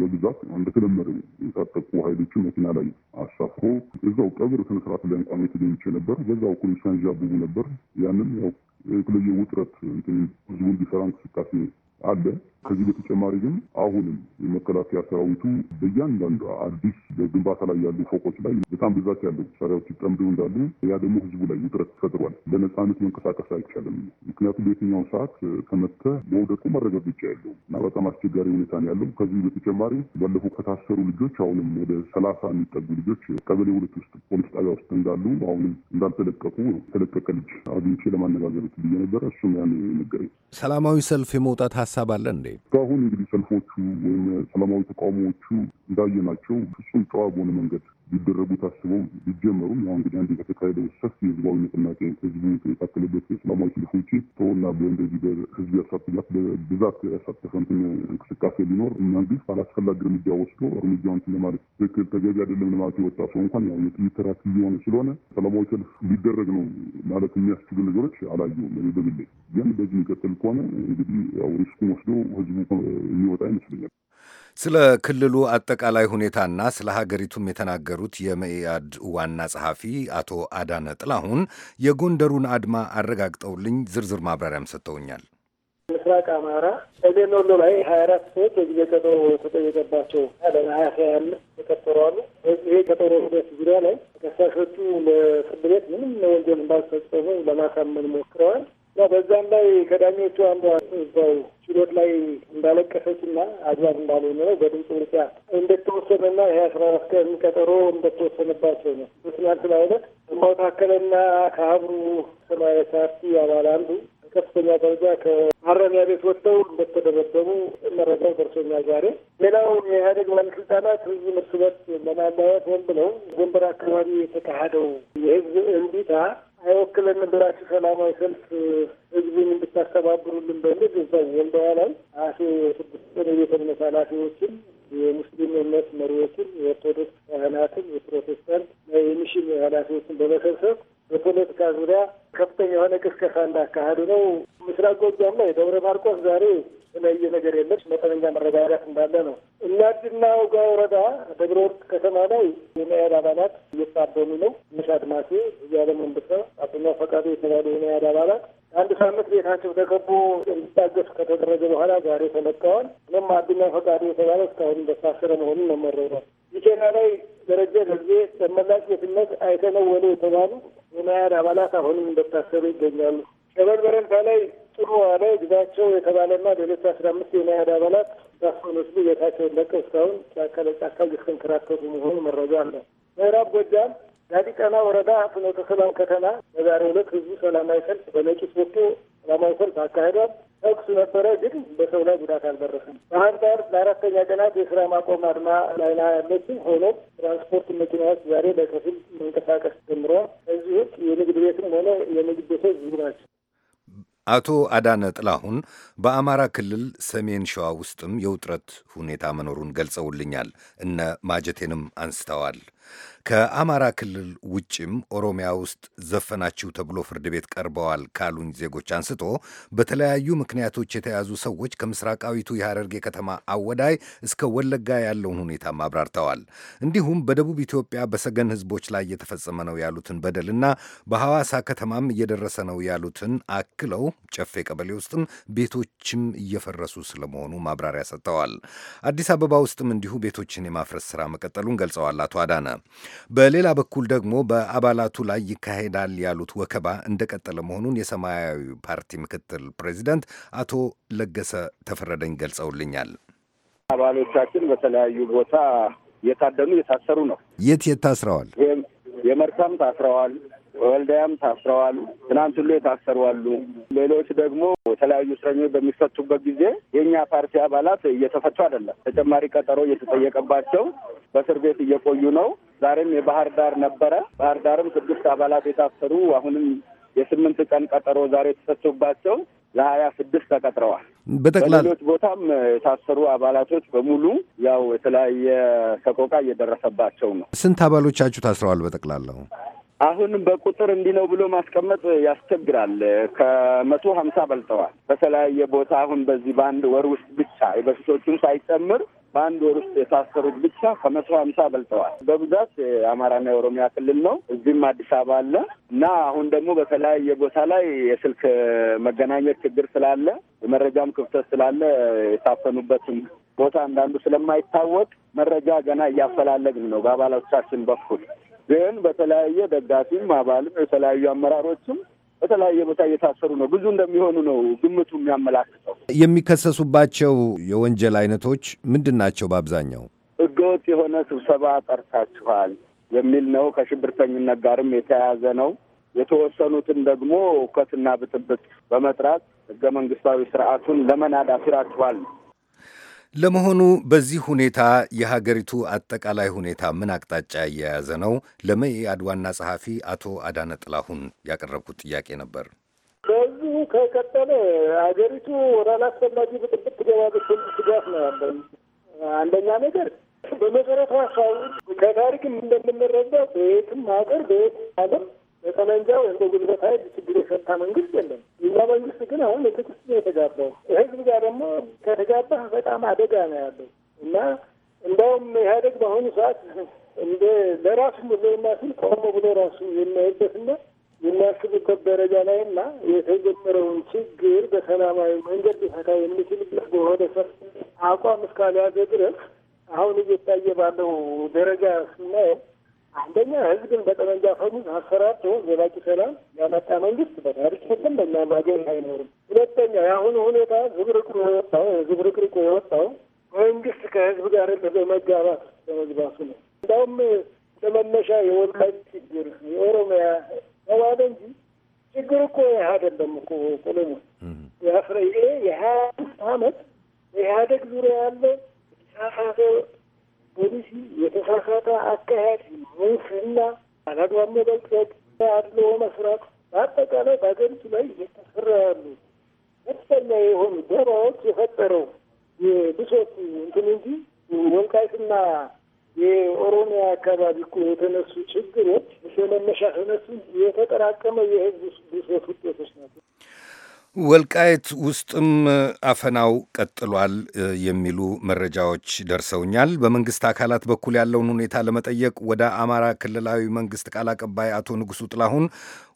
Speaker 4: በብዛት እንደተለመደ የታጠቁ ሀይሎችን መኪና ላይ አሳፍሮ እዛው ቀብር ስነስርዓት ላይ እንኳን የተገኝቼ ነበር። በዛው ኮሚሽን ዣብቡ ነበር ያንም ያው это люди утрат, это звуки Франции, как и አለ። ከዚህ በተጨማሪ ግን አሁንም የመከላከያ ሰራዊቱ በእያንዳንዱ አዲስ በግንባታ ላይ ያሉ ፎቆች ላይ በጣም ብዛት ያለው መሳሪያዎች ይጠምደው እንዳሉ፣ ያ ደግሞ ህዝቡ ላይ ውጥረት ፈጥሯል። በነፃነት መንቀሳቀስ አይቻልም። ምክንያቱም በየትኛውን ሰዓት ከመጥተህ መውደቁ ብቻ ያለው እና በጣም አስቸጋሪ ሁኔታ ነው ያለው። ከዚህ በተጨማሪ ባለፈው ከታሰሩ ልጆች አሁንም ወደ ሰላሳ የሚጠጉ ልጆች ቀበሌ ሁለት ውስጥ ፖሊስ ጣቢያ ውስጥ እንዳሉ አሁንም እንዳልተለቀቁ ተለቀቀ ልጅ አግኝቼ ለማነጋገር ብዬ ነበረ። እሱም ያን ነገር ሰላማዊ ሰልፍ የመውጣት ሀሳብ አለ እንዴ? እስካሁን እንግዲህ ሰልፎቹ ወይም ሰላማዊ ተቃውሞዎቹ እንዳየናቸው ፍጹም ጨዋ በሆነ መንገድ ሊደረጉ ታስበው ቢጀመሩም ያው እንግዲህ አንድ በተካሄደው ሰፊ ህዝባዊ ንቅናቄ ህዝቡ የታከለበት ሰላማዊ ሰልፎች ተወና በእንደዚህ በህዝብ ያሳትጋት በብዛት ያሳተፈንትን እንቅስቃሴ ሊኖር መንግስት አላስፈላጊ እርምጃ ወስዶ እርምጃውንትን ለማለት ትክክል ተገቢ አይደለም ለማለት የወጣ ሰው እንኳን ያው የጥይት ተራት እየሆነ ስለሆነ ሰላማዊ ሰልፍ ሊደረግ ነው ማለት የሚያስችሉ ነገሮች አላየሁም። በግሌ ግን በዚህ የሚቀጥል ከሆነ እንግዲህ ያው መንግስትም ወስዶ ህዝቡ ሊወጣ ይመስለኛል።
Speaker 7: ስለ ክልሉ አጠቃላይ ሁኔታና ስለ ሀገሪቱም የተናገሩት የመኢአድ ዋና ጸሐፊ አቶ አዳነ ጥላሁን የጎንደሩን አድማ አረጋግጠውልኝ ዝርዝር ማብራሪያም ሰጥተውኛል።
Speaker 8: ምስራቅ አማራ እኔ ኖሎ ላይ ሀያ አራት ሰዎች የጊዜ ቀጠሮ ተጠየቀባቸው ለሀያ ያህል ተቀጠሯሉ። ይሄ ቀጠሮ ሂደት ዙሪያ ላይ ተከሳሾቹ ለፍርድ ቤት ምንም ወንጀል እንዳልፈጸሙ ለማሳመን ሞክረዋል። ነው። በዛም ላይ ከዳኞቹ አንዷ እዛው ችሎት ላይ እንዳለቀሰች እና አግባብ እንዳልሆነ ነው በድምፅ ብልጫ እንደተወሰነና ይህ አስራ አራት ቀን ቀጠሮ እንደተወሰነባቸው ነው። ትናንት አይነት ታከለና ከአብሩ ሰማያዊ ፓርቲ አባል አንዱ ከፍተኛ ደረጃ ከማረሚያ ቤት ወጥተው እንደተደበደቡ መረጃው ደርሶኛል። ዛሬ ሌላው የኢህአዴግ ባለስልጣናት ህዝብ እርስ በርስ ለማለያየት ሆን ብለው ጎንበር አካባቢ የተካሄደው የህዝብ እንቢታ አይወክለን ብላችሁ ሰላማዊ ሰልፍ ህዝቡን እንድታስተባብሩልን በሚል እዛ ወልደዋ ላይ አቶ ስድስት ቀን የቤተ እምነት ኃላፊዎችን የሙስሊም እምነት መሪዎችን፣ የኦርቶዶክስ ካህናትን፣ የፕሮቴስታንት የሚሽን ኃላፊዎችን በመሰብሰብ በፖለቲካ ዙሪያ ከፍተኛ የሆነ ቅስቀሳ እንዳካሄዱ ነው። ምስራቅ ጎጃም ላይ ደብረ ማርቆስ ዛሬ የተለያየ ነገር የለች መጠነኛ መረጋጋት እንዳለ ነው። እናድና ውጋ ወረዳ ደብረ ወርቅ ከተማ ላይ የመያድ አባላት እየታደኑ ነው። ምሽ አድማሴ እያለም ወንድሰ አቶኛ ፈቃዱ የተባሉ የመያድ አባላት አንድ ሳምንት ቤታቸው ተከቦ እንዲታገሱ ከተደረገ በኋላ ዛሬ ተለቀዋል። እም አዱኛ ፈቃዱ የተባለ እስካሁን እንደታሰረ መሆኑን ነው መረዳል። ይህ ላይ ደረጀ ጊዜ ተመላሽ የትነት አይተነወሉ የተባሉ የመያድ አባላት አሁንም እንደታሰሩ ይገኛሉ። ገበር በረንታ ላይ ጥሩ ዋለ ግዛቸው የተባለና ሌሎች አስራ አምስት የመያድ አባላት ታፈኑ ወስዱ ቤታቸውን ለቀው እስካሁን ጫካ ለጫካ እየተንከራተቱ መሆኑ መረጃ አለ። ምዕራብ ጎጃም ዳዲቀና ወረዳ ፍኖተ ሰላም ከተማ በዛሬ ሁለት ህዝቡ ሰላማዊ ሰልፍ በነቂስ ወጥቶ ሰላማዊ ሰልፍ አካሄዷል። ተኩስ ነበረ፣ ግን በሰው ላይ ጉዳት አልደረሰም። ባህር ዳር ለአራተኛ ቀናት የስራ ማቆም አድማ ላይ ያለችው ሆኖ ትራንስፖርት መኪናዎች ዛሬ በከፊል መንቀሳቀስ ጀምረዋል። የንግድ ቤትም ሆነ የንግድ ቤቶች ዝግ ናቸው።
Speaker 7: አቶ አዳነ ጥላሁን በአማራ ክልል ሰሜን ሸዋ ውስጥም የውጥረት ሁኔታ መኖሩን ገልጸውልኛል። እነ ማጀቴንም አንስተዋል። ከአማራ ክልል ውጭም ኦሮሚያ ውስጥ ዘፈናችሁ ተብሎ ፍርድ ቤት ቀርበዋል ካሉኝ ዜጎች አንስቶ በተለያዩ ምክንያቶች የተያዙ ሰዎች ከምስራቃዊቱ የሐረርጌ ከተማ አወዳይ እስከ ወለጋ ያለውን ሁኔታም አብራርተዋል። እንዲሁም በደቡብ ኢትዮጵያ በሰገን ሕዝቦች ላይ እየተፈጸመ ነው ያሉትን በደልና በሐዋሳ ከተማም እየደረሰ ነው ያሉትን አክለው ጨፌ ቀበሌ ውስጥም ቤቶችም እየፈረሱ ስለመሆኑ ማብራሪያ ሰጥተዋል። አዲስ አበባ ውስጥም እንዲሁ ቤቶችን የማፍረስ ስራ መቀጠሉን ገልጸዋል አቶ አዳነ በሌላ በኩል ደግሞ በአባላቱ ላይ ይካሄዳል ያሉት ወከባ እንደቀጠለ መሆኑን የሰማያዊ ፓርቲ ምክትል ፕሬዚደንት አቶ ለገሰ ተፈረደኝ ገልጸውልኛል።
Speaker 9: አባሎቻችን በተለያዩ ቦታ እየታደኑ እየታሰሩ ነው።
Speaker 7: የት የት ታስረዋል?
Speaker 9: የመርሳም ታስረዋል፣ ወልዳያም ታስረዋል። ትናንት ሁሉ የታሰሩ አሉ። ሌሎች ደግሞ የተለያዩ እስረኞች በሚፈቱበት ጊዜ የእኛ ፓርቲ አባላት እየተፈቱ አይደለም። ተጨማሪ ቀጠሮ እየተጠየቀባቸው በእስር ቤት እየቆዩ ነው። ዛሬም የባህር ዳር ነበረ። ባህር ዳርም ስድስት አባላት የታሰሩ አሁንም የስምንት ቀን ቀጠሮ ዛሬ የተሰጥቶባቸው ለሀያ ስድስት ተቀጥረዋል። በሌሎች ቦታም የታሰሩ አባላቶች በሙሉ ያው የተለያየ ሰቆቃ እየደረሰባቸው ነው።
Speaker 7: ስንት አባሎቻችሁ ታስረዋል በጠቅላላው?
Speaker 9: አሁን በቁጥር እንዲህ ነው ብሎ ማስቀመጥ ያስቸግራል። ከመቶ ሀምሳ በልጠዋል። በተለያየ ቦታ አሁን በዚህ በአንድ ወር ውስጥ ብቻ የበፊቶቹን ሳይጨምር በአንድ ወር ውስጥ የታሰሩት ብቻ ከመቶ ሀምሳ በልጠዋል። በብዛት የአማራና የኦሮሚያ ክልል ነው። እዚህም አዲስ አበባ አለ እና አሁን ደግሞ በተለያየ ቦታ ላይ የስልክ መገናኘት ችግር ስላለ የመረጃም ክፍተት ስላለ የታፈኑበትም ቦታ አንዳንዱ ስለማይታወቅ መረጃ ገና እያፈላለግን ነው በአባላቶቻችን በኩል ግን በተለያየ ደጋፊም አባልም የተለያዩ አመራሮችም በተለያየ ቦታ እየታሰሩ ነው። ብዙ እንደሚሆኑ ነው ግምቱ የሚያመላክተው።
Speaker 7: የሚከሰሱባቸው የወንጀል አይነቶች ምንድን ናቸው? በአብዛኛው
Speaker 9: ህገወጥ የሆነ ስብሰባ ጠርታችኋል የሚል ነው። ከሽብርተኝነት ጋርም የተያያዘ ነው። የተወሰኑትን ደግሞ እውከትና ብጥብጥ በመጥራት ህገ መንግስታዊ ስርዓቱን ለመናድ አሲራችኋል
Speaker 7: ለመሆኑ በዚህ ሁኔታ የሀገሪቱ አጠቃላይ ሁኔታ ምን አቅጣጫ እየያዘ ነው? ለመኢአድ ዋና ጸሐፊ አቶ አዳነ ጥላሁን ያቀረብኩት ጥያቄ ነበር።
Speaker 8: ከዚሁ ከቀጠለ ሀገሪቱ ወደ አላስፈላጊ ብጥብጥ ትገባለች ስጋት ነው ያለን። አንደኛ ነገር በመሰረቱ ሀሳቡ ከታሪክም እንደምንረዳው በየትም ሀገር በየትም ዓለም በጠመንጃ ወይም በጉልበት ኃይል ችግር የፈታ መንግስት የለም። የኛ መንግስት ግን አሁን የትክስ የተጋባው ህዝብ ጋር ደግሞ ከተጋባህ በጣም አደጋ ነው ያለው እና እንደውም ኢህአዴግ በአሁኑ ሰዓት እንደ ለራሱ ብሎ የማስል ቆሞ ብሎ ራሱ የሚያይበትና የሚያስብበት ደረጃ ላይ እና የተጀመረውን ችግር በሰላማዊ መንገድ ሊፈታ የሚችልበት በሆነ ሰ አቋም እስካልያዘ ድረስ አሁን እየታየ ባለው ደረጃ ስናየው አንደኛ ህዝብን በጠመንጃ ፈሙዝ አሰራርቶ ዘላቂ ሰላም ያመጣ መንግስት በታሪክ የለም፣ በእኛም ማገር አይኖርም። ሁለተኛ የአሁኑ ሁኔታ ዝብርቅሩ የወጣው ዝብርቅርቁ የወጣው መንግስት ከህዝብ ጋር በመጋባት በመግባቱ ነው። እንዲሁም ለመነሻ የወልቃይት ችግር የኦሮሚያ ተባለ እንጂ ችግር እኮ ይህ አይደለም እኮ ቆሎሞ የሀያ አምስት አመት በኢህአደግ ዙሪያ ያለ ሳሳሴ ፖሊሲ የተሳሳተ አካሄድ፣ ሙስና፣ አላግባብ መበልጸግ፣ አድሎ መስራት በአጠቃላይ በአገሪቱ ላይ እየተሰራ ያሉ ከፍተኛ የሆኑ ደባዎች የፈጠረው የብሶት እንትን እንጂ ወልቃይትና የኦሮሚያ አካባቢ እኮ የተነሱ ችግሮች መነሻ ተነሱ የተጠራቀመ የህዝብ ብሶት ውጤቶች ናቸው።
Speaker 7: ወልቃየት ውስጥም አፈናው ቀጥሏል የሚሉ መረጃዎች ደርሰውኛል። በመንግስት አካላት በኩል ያለውን ሁኔታ ለመጠየቅ ወደ አማራ ክልላዊ መንግስት ቃል አቀባይ አቶ ንጉሱ ጥላሁን፣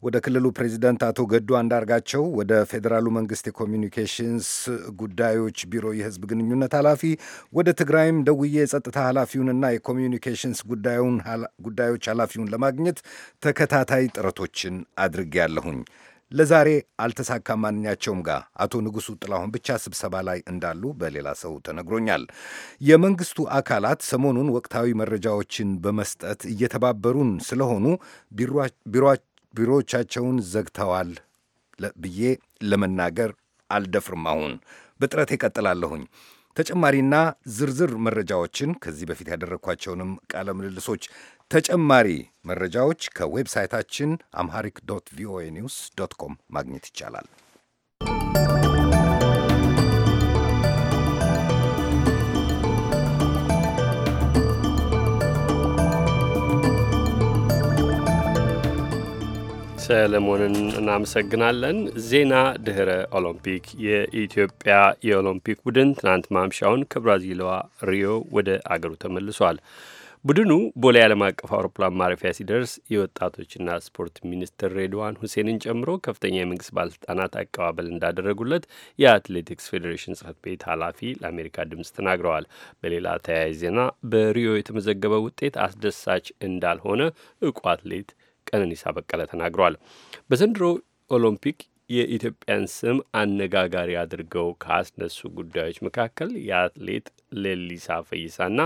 Speaker 7: ወደ ክልሉ ፕሬዚደንት አቶ ገዱ አንዳርጋቸው፣ ወደ ፌዴራሉ መንግስት የኮሚኒኬሽንስ ጉዳዮች ቢሮ የህዝብ ግንኙነት ኃላፊ፣ ወደ ትግራይም ደውዬ የጸጥታ ኃላፊውንና የኮሚኒኬሽንስ ጉዳዮች ኃላፊውን ለማግኘት ተከታታይ ጥረቶችን አድርጌያለሁኝ። ለዛሬ አልተሳካም። ማንኛቸውም ጋር አቶ ንጉሱ ጥላሁን ብቻ ስብሰባ ላይ እንዳሉ በሌላ ሰው ተነግሮኛል። የመንግስቱ አካላት ሰሞኑን ወቅታዊ መረጃዎችን በመስጠት እየተባበሩን ስለሆኑ ቢሮዎቻቸውን ዘግተዋል ብዬ ለመናገር አልደፍርም። አሁን በጥረት ይቀጥላለሁኝ። ተጨማሪና ዝርዝር መረጃዎችን ከዚህ በፊት ያደረግኳቸውንም ቃለ ምልልሶች ተጨማሪ መረጃዎች ከዌብሳይታችን አምሃሪክ ዶት ቪኦኤ ኒውስ ዶት ኮም ማግኘት ይቻላል።
Speaker 2: ሰለሞንን እናመሰግናለን። ዜና ድህረ ኦሎምፒክ። የኢትዮጵያ የኦሎምፒክ ቡድን ትናንት ማምሻውን ከብራዚልዋ ሪዮ ወደ አገሩ ተመልሷል። ቡድኑ ቦሌ ዓለም አቀፍ አውሮፕላን ማረፊያ ሲደርስ የወጣቶችና ስፖርት ሚኒስትር ሬድዋን ሁሴንን ጨምሮ ከፍተኛ የመንግስት ባለስልጣናት አቀባበል እንዳደረጉለት የአትሌቲክስ ፌዴሬሽን ጽህፈት ቤት ኃላፊ ለአሜሪካ ድምፅ ተናግረዋል። በሌላ ተያያዥ ዜና በሪዮ የተመዘገበ ውጤት አስደሳች እንዳልሆነ እቁ አትሌት ቀነኒሳ በቀለ ተናግረዋል። በዘንድሮ ኦሎምፒክ የኢትዮጵያን ስም አነጋጋሪ አድርገው ካስነሱ ጉዳዮች መካከል የአትሌት ሌሊሳ ፈይሳና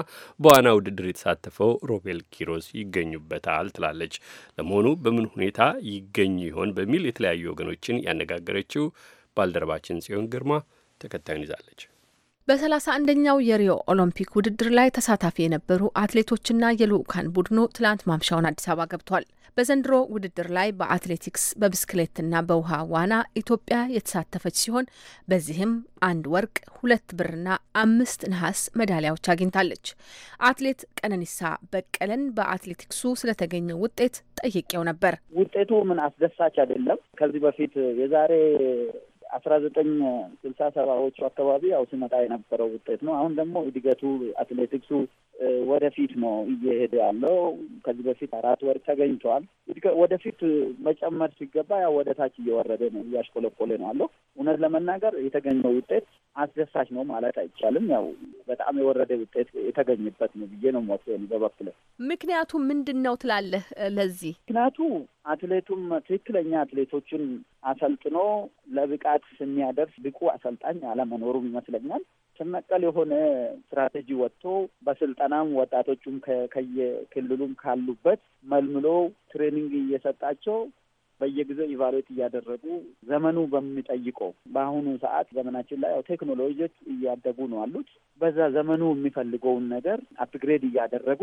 Speaker 2: በዋና ውድድር የተሳተፈው ሮቤል ኪሮስ ይገኙበታል ትላለች። ለመሆኑ በምን ሁኔታ ይገኙ ይሆን በሚል የተለያዩ ወገኖችን ያነጋገረችው ባልደረባችን ጽዮን ግርማ ተከታዩን ይዛለች።
Speaker 10: በሰላሳ አንደኛው የሪዮ ኦሎምፒክ ውድድር ላይ ተሳታፊ የነበሩ አትሌቶችና የልዑካን ቡድኑ ትላንት ማምሻውን አዲስ አበባ ገብቷል። በዘንድሮ ውድድር ላይ በአትሌቲክስ በብስክሌትና በውሃ ዋና ኢትዮጵያ የተሳተፈች ሲሆን በዚህም አንድ ወርቅ፣ ሁለት ብርና አምስት ነሐስ ሜዳሊያዎች አግኝታለች። አትሌት ቀነኒሳ በቀለን በአትሌቲክሱ ስለተገኘው ውጤት
Speaker 11: ጠይቄው ነበር።
Speaker 12: ውጤቱ ምን አስደሳች አይደለም። ከዚህ በፊት የዛሬ አስራ ዘጠኝ ስልሳ ሰባዎቹ አካባቢ ያው ሲመጣ የነበረው ውጤት ነው። አሁን ደግሞ እድገቱ አትሌቲክሱ ወደፊት ነው እየሄደ ያለው። ከዚህ በፊት አራት ወር ተገኝተዋል። ወደፊት መጨመር ሲገባ ያው ወደ ታች እየወረደ ነው፣ እያሽቆለቆለ ነው አለው። እውነት ለመናገር የተገኘው ውጤት አስደሳች ነው ማለት አይቻልም። ያው በጣም የወረደ ውጤት የተገኘበት ነው ብዬ ነው ሞት በበኩሌ።
Speaker 10: ምክንያቱ ምንድን ነው ትላለህ? ለዚህ ምክንያቱ
Speaker 12: አትሌቱም ትክክለኛ አትሌቶችን አሰልጥኖ ለብቃት የሚያደርስ ብቁ አሰልጣኝ አለመኖሩም ይመስለኛል። ስር የሆነ ስትራቴጂ ወጥቶ በስልጠናም ወጣቶቹም ከየክልሉም ካሉበት መልምሎ ትሬኒንግ እየሰጣቸው በየጊዜው ኢቫሉዌት እያደረጉ ዘመኑ በሚጠይቀው በአሁኑ ሰዓት ዘመናችን ላይ ያው ቴክኖሎጂዎች እያደጉ ነው አሉት። በዛ ዘመኑ የሚፈልገውን ነገር አፕግሬድ እያደረጉ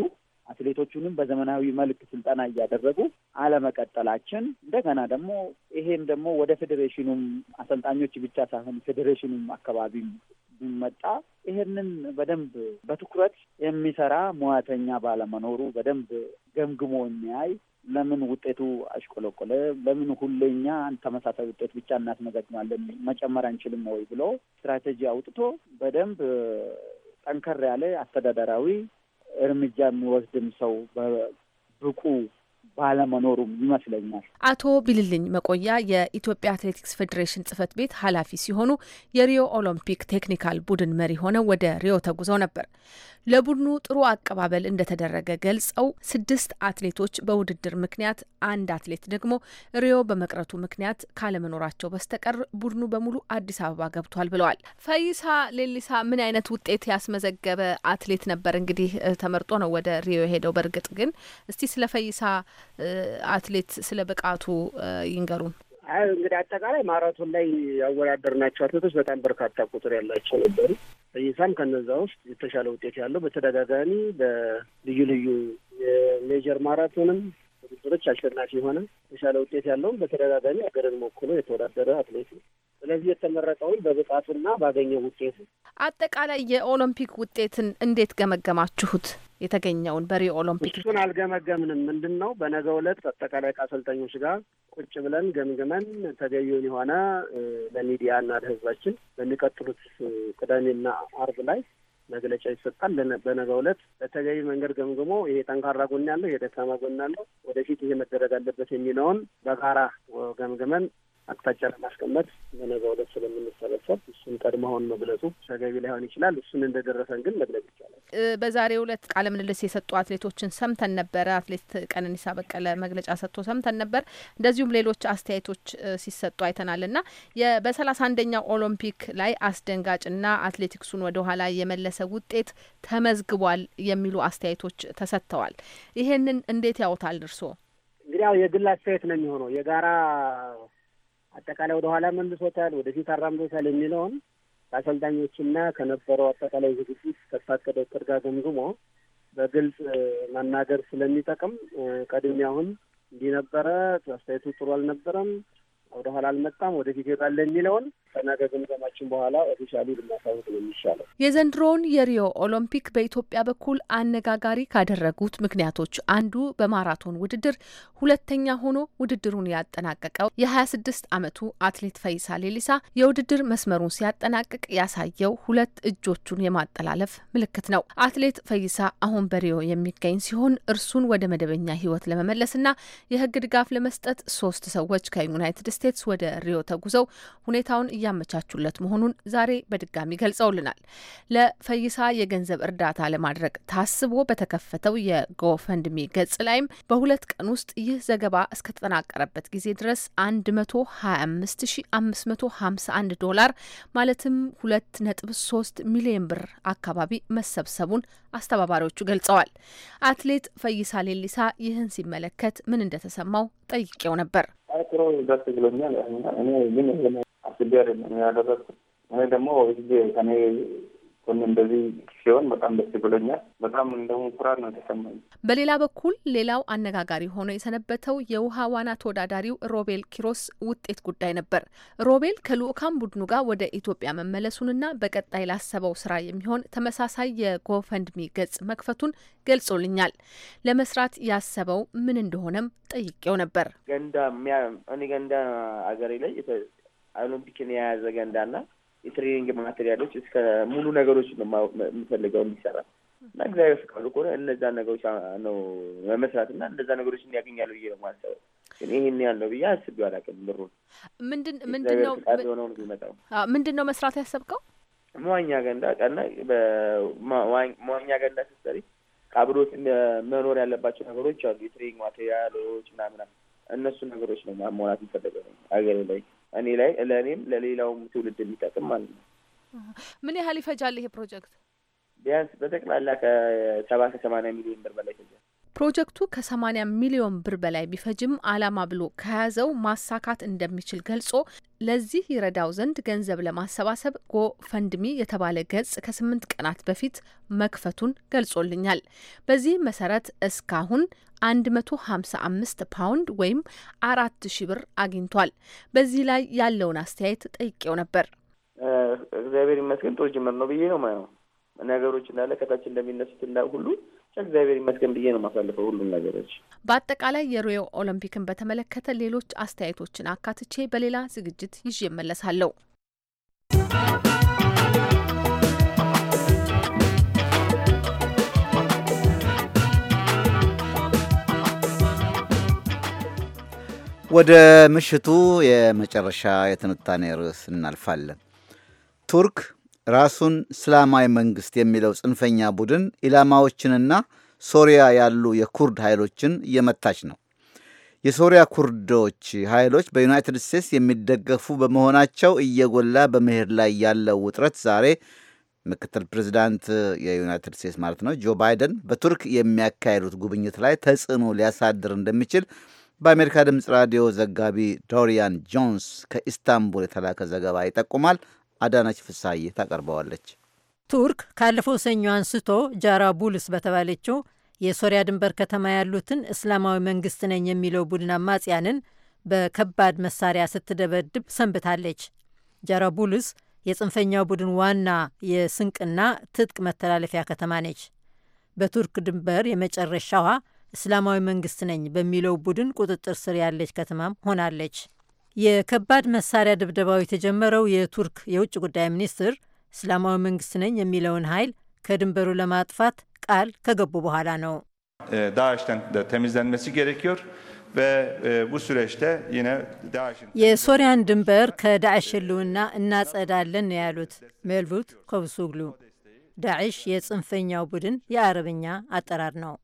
Speaker 12: አትሌቶቹንም በዘመናዊ መልክ ስልጠና እያደረጉ አለመቀጠላችን እንደገና ደግሞ ይሄም ደግሞ ወደ ፌዴሬሽኑም አሰልጣኞች ብቻ ሳይሆን ፌዴሬሽኑም አካባቢም ቢመጣ ይሄንን በደንብ በትኩረት የሚሰራ ሙያተኛ ባለመኖሩ በደንብ ገምግሞ የሚያይ ለምን ውጤቱ አሽቆለቆለ፣ ለምን ሁሌኛ ተመሳሳይ ውጤት ብቻ እናስመዘግባለን፣ መጨመር አንችልም ወይ ብሎ ስትራቴጂ አውጥቶ በደንብ ጠንከር ያለ አስተዳደራዊ እርምጃ የሚወስድም ሰው በብቁ ባለመኖሩ ይመስለኛል።
Speaker 10: አቶ ቢልልኝ መቆያ የኢትዮጵያ አትሌቲክስ ፌዴሬሽን ጽህፈት ቤት ኃላፊ ሲሆኑ የሪዮ ኦሎምፒክ ቴክኒካል ቡድን መሪ ሆነው ወደ ሪዮ ተጉዘው ነበር። ለቡድኑ ጥሩ አቀባበል እንደተደረገ ገልጸው ስድስት አትሌቶች በውድድር ምክንያት አንድ አትሌት ደግሞ ሪዮ በመቅረቱ ምክንያት ካለመኖራቸው በስተቀር ቡድኑ በሙሉ አዲስ አበባ ገብቷል ብለዋል። ፈይሳ ሌሊሳ ምን አይነት ውጤት ያስመዘገበ አትሌት ነበር? እንግዲህ ተመርጦ ነው ወደ ሪዮ የሄደው። በእርግጥ ግን እስቲ ስለ ፈይሳ አትሌት ስለ ብቃቱ ይንገሩን።
Speaker 13: አይ እንግዲህ አጠቃላይ ማራቶን ላይ ያወዳደርናቸው አትሌቶች በጣም በርካታ ቁጥር ያላቸው ነበሩ። ፈይሳም ከነዛ ውስጥ የተሻለ ውጤት ያለው በተደጋጋሚ በልዩ ልዩ የሜጀር ማራቶንም ውድድሮች አሸናፊ የሆነ የተሻለ ውጤት ያለውም በተደጋጋሚ ሀገርን ሞክሎ የተወዳደረ አትሌት ነው። ስለዚህ የተመረጠውን በብቃቱና ባገኘው ውጤቱ።
Speaker 10: አጠቃላይ የኦሎምፒክ ውጤትን እንዴት ገመገማችሁት? የተገኘውን በሪዮ ኦሎምፒክ
Speaker 13: እሱን አልገመገምንም። ምንድን ነው በነገ ዕለት አጠቃላይ ከአሰልጣኞች ጋር ቁጭ ብለን ገምግመን ተገቢውን የሆነ ለሚዲያና ለሕዝባችን በሚቀጥሉት ቅዳሜና አርብ ላይ መግለጫ ይሰጣል። በነገ ዕለት በተገቢ መንገድ ገምግሞ ይሄ ጠንካራ ጎን ያለው፣ ይሄ ደካማ ጎን ያለው፣ ወደፊት ይሄ መደረግ አለበት የሚለውን በጋራ ገምግመን አቅጣጫ ለማስቀመጥ በነገ ዕለት ስለምንሰበሰብ እሱን ቀድመውን መግለጹ ተገቢ ላይሆን ይችላል። እሱን እንደደረሰን ግን መግለጽ ይቻላል።
Speaker 10: በዛሬው ዕለት ቃለ ምልልስ የሰጡ አትሌቶችን ሰምተን ነበረ። አትሌት ቀነኒሳ በቀለ መግለጫ ሰጥቶ ሰምተን ነበር። እንደዚሁም ሌሎች አስተያየቶች ሲሰጡ አይተናል ና በሰላሳ አንደኛው ኦሎምፒክ ላይ ና አትሌቲክሱን ወደ ኋላ የመለሰ ውጤት ተመዝግቧል የሚሉ አስተያየቶች ተሰጥተዋል። ይሄንን እንዴት ያውታል እርስዎ?
Speaker 13: እንግዲህ ያው የግል አስተያየት ነው የሚሆነው የጋራ አጠቃላይ ወደኋላ መልሶታል፣ ወደፊት አራምዶታል የሚለውን ከአሰልጣኞችና ከነበረው አጠቃላይ ዝግጅት ከተፋቀደ እቅድ ጋር ገምግሞ በግልጽ መናገር ስለሚጠቅም ቀድሜ አሁን እንዲህ ነበረ፣ አስተያየቱ ጥሩ አልነበረም፣ ወደኋላ አልመጣም፣ ወደፊት ይሄዳል የሚለውን ከነገ ግምገማችን በኋላ ኦፊሻሊ ልናሳውቅ ነው የሚሻለው።
Speaker 10: የዘንድሮውን የሪዮ ኦሎምፒክ በኢትዮጵያ በኩል አነጋጋሪ ካደረጉት ምክንያቶች አንዱ በማራቶን ውድድር ሁለተኛ ሆኖ ውድድሩን ያጠናቀቀው የ26 ዓመቱ አትሌት ፈይሳ ሌሊሳ የውድድር መስመሩን ሲያጠናቅቅ ያሳየው ሁለት እጆቹን የማጠላለፍ ምልክት ነው። አትሌት ፈይሳ አሁን በሪዮ የሚገኝ ሲሆን እርሱን ወደ መደበኛ ህይወት ለመመለስና የህግ ድጋፍ ለመስጠት ሶስት ሰዎች ከዩናይትድ ስቴትስ ወደ ሪዮ ተጉዘው ሁኔታውን እያመቻቹለት መሆኑን ዛሬ በድጋሚ ገልጸውልናል። ለፈይሳ የገንዘብ እርዳታ ለማድረግ ታስቦ በተከፈተው የጎፈንድሚ ገጽ ላይም በሁለት ቀን ውስጥ ይህ ዘገባ እስከተጠናቀረበት ጊዜ ድረስ 125551 ዶላር ማለትም 2.3 ሚሊዮን ብር አካባቢ መሰብሰቡን አስተባባሪዎቹ ገልጸዋል። አትሌት ፈይሳ ሌሊሳ ይህን ሲመለከት ምን እንደተሰማው ጠይቄው ነበር።
Speaker 14: ጥሩ ደስ ብሎኛል። እኔ ግን አስቤ አይደለም ያደረግኩት። እኔ ደግሞ ጊዜ ከኔ ጎን እንደዚህ ሲሆን በጣም ደስ ብሎኛል። በጣም እንደውም ኩራት ነው የተሰማኝ።
Speaker 10: በሌላ በኩል ሌላው አነጋጋሪ ሆኖ የሰነበተው የውሃ ዋና ተወዳዳሪው ሮቤል ኪሮስ ውጤት ጉዳይ ነበር። ሮቤል ከልኡካን ቡድኑ ጋር ወደ ኢትዮጵያ መመለሱንና በቀጣይ ላሰበው ስራ የሚሆን ተመሳሳይ የጎፈንድሚ ገጽ መክፈቱን ገልጾልኛል። ለመስራት ያሰበው ምን እንደሆነም ጠይቄው
Speaker 14: ነበር። ገንዳ እኔ ገንዳ አገሬ ላይ ኦሎምፒክን የያዘ ገንዳና የትሬኒንግ ማቴሪያሎች እስከ ሙሉ ነገሮች ነው የምፈልገው እንዲሰራ እና እግዚአብሔር ፍቃዱ ከሆነ እነዛ ነገሮች ነው መመስራት እና እነዛ ነገሮች እንዲያገኛሉ ብዬ ነው ማሰበው። ግን ይህን ያለው ብዬ አስቢ አላውቅም። ብሩ
Speaker 10: ምንድን ነው መስራት ያሰብከው?
Speaker 14: መዋኛ ገንዳ ቀና መዋኛ ገንዳ ስትሰሪ አብሮት መኖር ያለባቸው ነገሮች አሉ። የትሬኒንግ ማቴሪያሎች ምናምን እነሱ ነገሮች ነው ማሟላት ይፈለገ ሀገሬ ላይ እኔ ላይ ለእኔም ለሌላውም ትውልድ የሚጠቅም ማለት ነው።
Speaker 10: ምን ያህል ይፈጃል ይሄ ፕሮጀክት?
Speaker 14: ቢያንስ በጠቅላላ ከሰባ ከሰማንያ ሚሊዮን ብር በላይ ይፈጃል።
Speaker 10: ፕሮጀክቱ ከ80 ሚሊዮን ብር በላይ ቢፈጅም ዓላማ ብሎ ከያዘው ማሳካት እንደሚችል ገልጾ ለዚህ ይረዳው ዘንድ ገንዘብ ለማሰባሰብ ጎፈንድሚ የተባለ ገጽ ከስምንት ቀናት በፊት መክፈቱን ገልጾልኛል። በዚህ መሰረት እስካሁን 155 ፓውንድ ወይም አራት ሺ ብር አግኝቷል። በዚህ ላይ ያለውን አስተያየት ጠይቄው ነበር።
Speaker 14: እግዚአብሔር ይመስገን ጥሩ ጅምር ነው ብዬ ነው ማየው ነገሮች እንዳለ ከታች እንደሚነሱት ሁሉ እግዚአብሔር ይመስገን ብዬ ነው ማሳልፈው ሁሉም ነገሮች።
Speaker 10: በአጠቃላይ የሪዮ ኦሎምፒክን በተመለከተ ሌሎች አስተያየቶችን አካትቼ በሌላ ዝግጅት ይዤ እመለሳለሁ።
Speaker 5: ወደ ምሽቱ የመጨረሻ የትንታኔ ርዕስ እናልፋለን። ቱርክ ራሱን እስላማዊ መንግስት የሚለው ጽንፈኛ ቡድን ኢላማዎችንና ሶሪያ ያሉ የኩርድ ኃይሎችን እየመታች ነው። የሶሪያ ኩርዶች ኃይሎች በዩናይትድ ስቴትስ የሚደገፉ በመሆናቸው እየጎላ በመሄድ ላይ ያለው ውጥረት ዛሬ ምክትል ፕሬዚዳንት የዩናይትድ ስቴትስ ማለት ነው ጆ ባይደን በቱርክ የሚያካሂዱት ጉብኝት ላይ ተጽዕኖ ሊያሳድር እንደሚችል በአሜሪካ ድምፅ ራዲዮ ዘጋቢ ዶሪያን ጆንስ ከኢስታንቡል የተላከ ዘገባ ይጠቁማል። አዳናች ፍሳዬ ታቀርበዋለች።
Speaker 6: ቱርክ ካለፈው ሰኞ አንስቶ ጃራቡልስ በተባለችው የሶሪያ ድንበር ከተማ ያሉትን እስላማዊ መንግስት ነኝ የሚለው ቡድን አማጽያንን በከባድ መሳሪያ ስትደበድብ ሰንብታለች። ጃራቡልስ የጽንፈኛው ቡድን ዋና የስንቅና ትጥቅ መተላለፊያ ከተማ ነች። በቱርክ ድንበር የመጨረሻዋ እስላማዊ መንግስት ነኝ በሚለው ቡድን ቁጥጥር ስር ያለች ከተማም ሆናለች። የከባድ መሳሪያ ድብደባው የተጀመረው የቱርክ የውጭ ጉዳይ ሚኒስትር እስላማዊ መንግስት ነኝ የሚለውን ኃይል ከድንበሩ ለማጥፋት ቃል ከገቡ በኋላ ነው። የሶሪያን ድንበር ከዳዕሽ ህልውና እናጸዳለን ያሉት ሜቭሉት ቸቭስኦግሉ። ዳዕሽ የጽንፈኛው ቡድን የአረብኛ አጠራር ነው።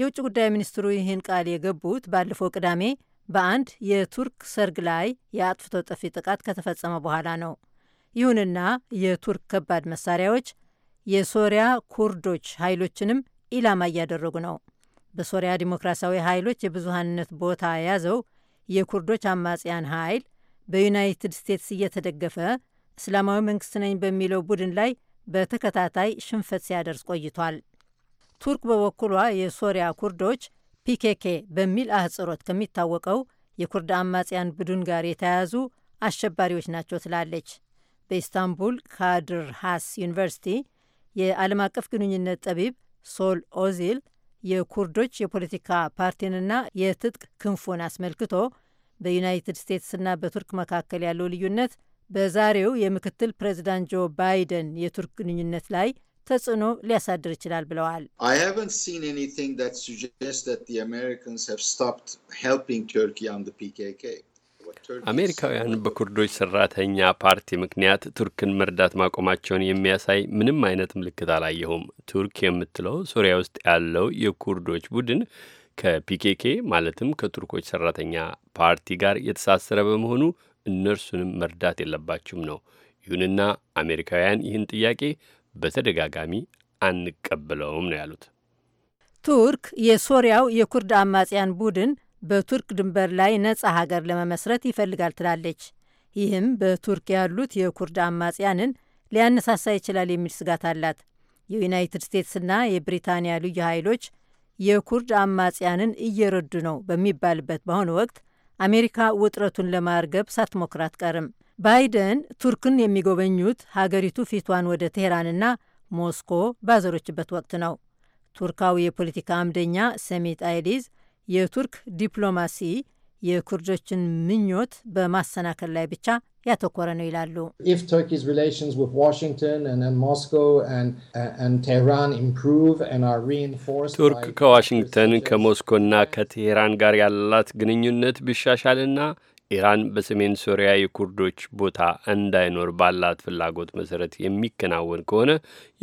Speaker 6: የውጭ ጉዳይ ሚኒስትሩ ይህን ቃል የገቡት ባለፈው ቅዳሜ በአንድ የቱርክ ሰርግ ላይ የአጥፍቶ ጠፊ ጥቃት ከተፈጸመ በኋላ ነው። ይሁንና የቱርክ ከባድ መሳሪያዎች የሶሪያ ኩርዶች ኃይሎችንም ኢላማ እያደረጉ ነው። በሶሪያ ዲሞክራሲያዊ ኃይሎች የብዙሃንነት ቦታ የያዘው የኩርዶች አማጽያን ኃይል በዩናይትድ ስቴትስ እየተደገፈ እስላማዊ መንግስት ነኝ በሚለው ቡድን ላይ በተከታታይ ሽንፈት ሲያደርስ ቆይቷል። ቱርክ በበኩሏ የሶሪያ ኩርዶች ፒኬኬ በሚል አህጽሮት ከሚታወቀው የኩርድ አማጽያን ቡድን ጋር የተያያዙ አሸባሪዎች ናቸው ትላለች። በኢስታንቡል ካድር ሃስ ዩኒቨርሲቲ የዓለም አቀፍ ግንኙነት ጠቢብ ሶል ኦዚል የኩርዶች የፖለቲካ ፓርቲንና የትጥቅ ክንፉን አስመልክቶ በዩናይትድ ስቴትስና በቱርክ መካከል ያለው ልዩነት በዛሬው የምክትል ፕሬዚዳንት ጆ ባይደን የቱርክ ግንኙነት ላይ ተጽዕኖ ሊያሳድር ይችላል ብለዋል።
Speaker 2: አሜሪካውያን በኩርዶች ሰራተኛ ፓርቲ ምክንያት ቱርክን መርዳት ማቆማቸውን የሚያሳይ ምንም አይነት ምልክት አላየሁም። ቱርክ የምትለው ሱሪያ ውስጥ ያለው የኩርዶች ቡድን ከፒኬኬ ማለትም ከቱርኮች ሰራተኛ ፓርቲ ጋር የተሳሰረ በመሆኑ እነርሱንም መርዳት የለባችሁም ነው። ይሁንና አሜሪካውያን ይህን ጥያቄ በተደጋጋሚ አንቀበለውም ነው ያሉት።
Speaker 6: ቱርክ የሶሪያው የኩርድ አማጽያን ቡድን በቱርክ ድንበር ላይ ነጻ ሀገር ለመመስረት ይፈልጋል ትላለች። ይህም በቱርክ ያሉት የኩርድ አማጽያንን ሊያነሳሳ ይችላል የሚል ስጋት አላት። የዩናይትድ ስቴትስና የብሪታንያ ልዩ ኃይሎች የኩርድ አማጽያንን እየረዱ ነው በሚባልበት በአሁኑ ወቅት አሜሪካ ውጥረቱን ለማርገብ ሳትሞክር አትቀርም። ባይደን ቱርክን የሚጎበኙት ሀገሪቱ ፊቷን ወደ ቴሄራንና ሞስኮ ባዘሮችበት ወቅት ነው። ቱርካዊ የፖለቲካ አምደኛ ሰሚት አይዲዝ የቱርክ ዲፕሎማሲ የኩርዶችን ምኞት በማሰናከል ላይ ብቻ ያተኮረ ነው ይላሉ።
Speaker 2: ቱርክ ከዋሽንግተን ከሞስኮና ከቴሄራን ጋር ያላት ግንኙነት ቢሻሻልና ኢራን በሰሜን ሶሪያ የኩርዶች ቦታ እንዳይኖር ባላት ፍላጎት መሰረት የሚከናወን ከሆነ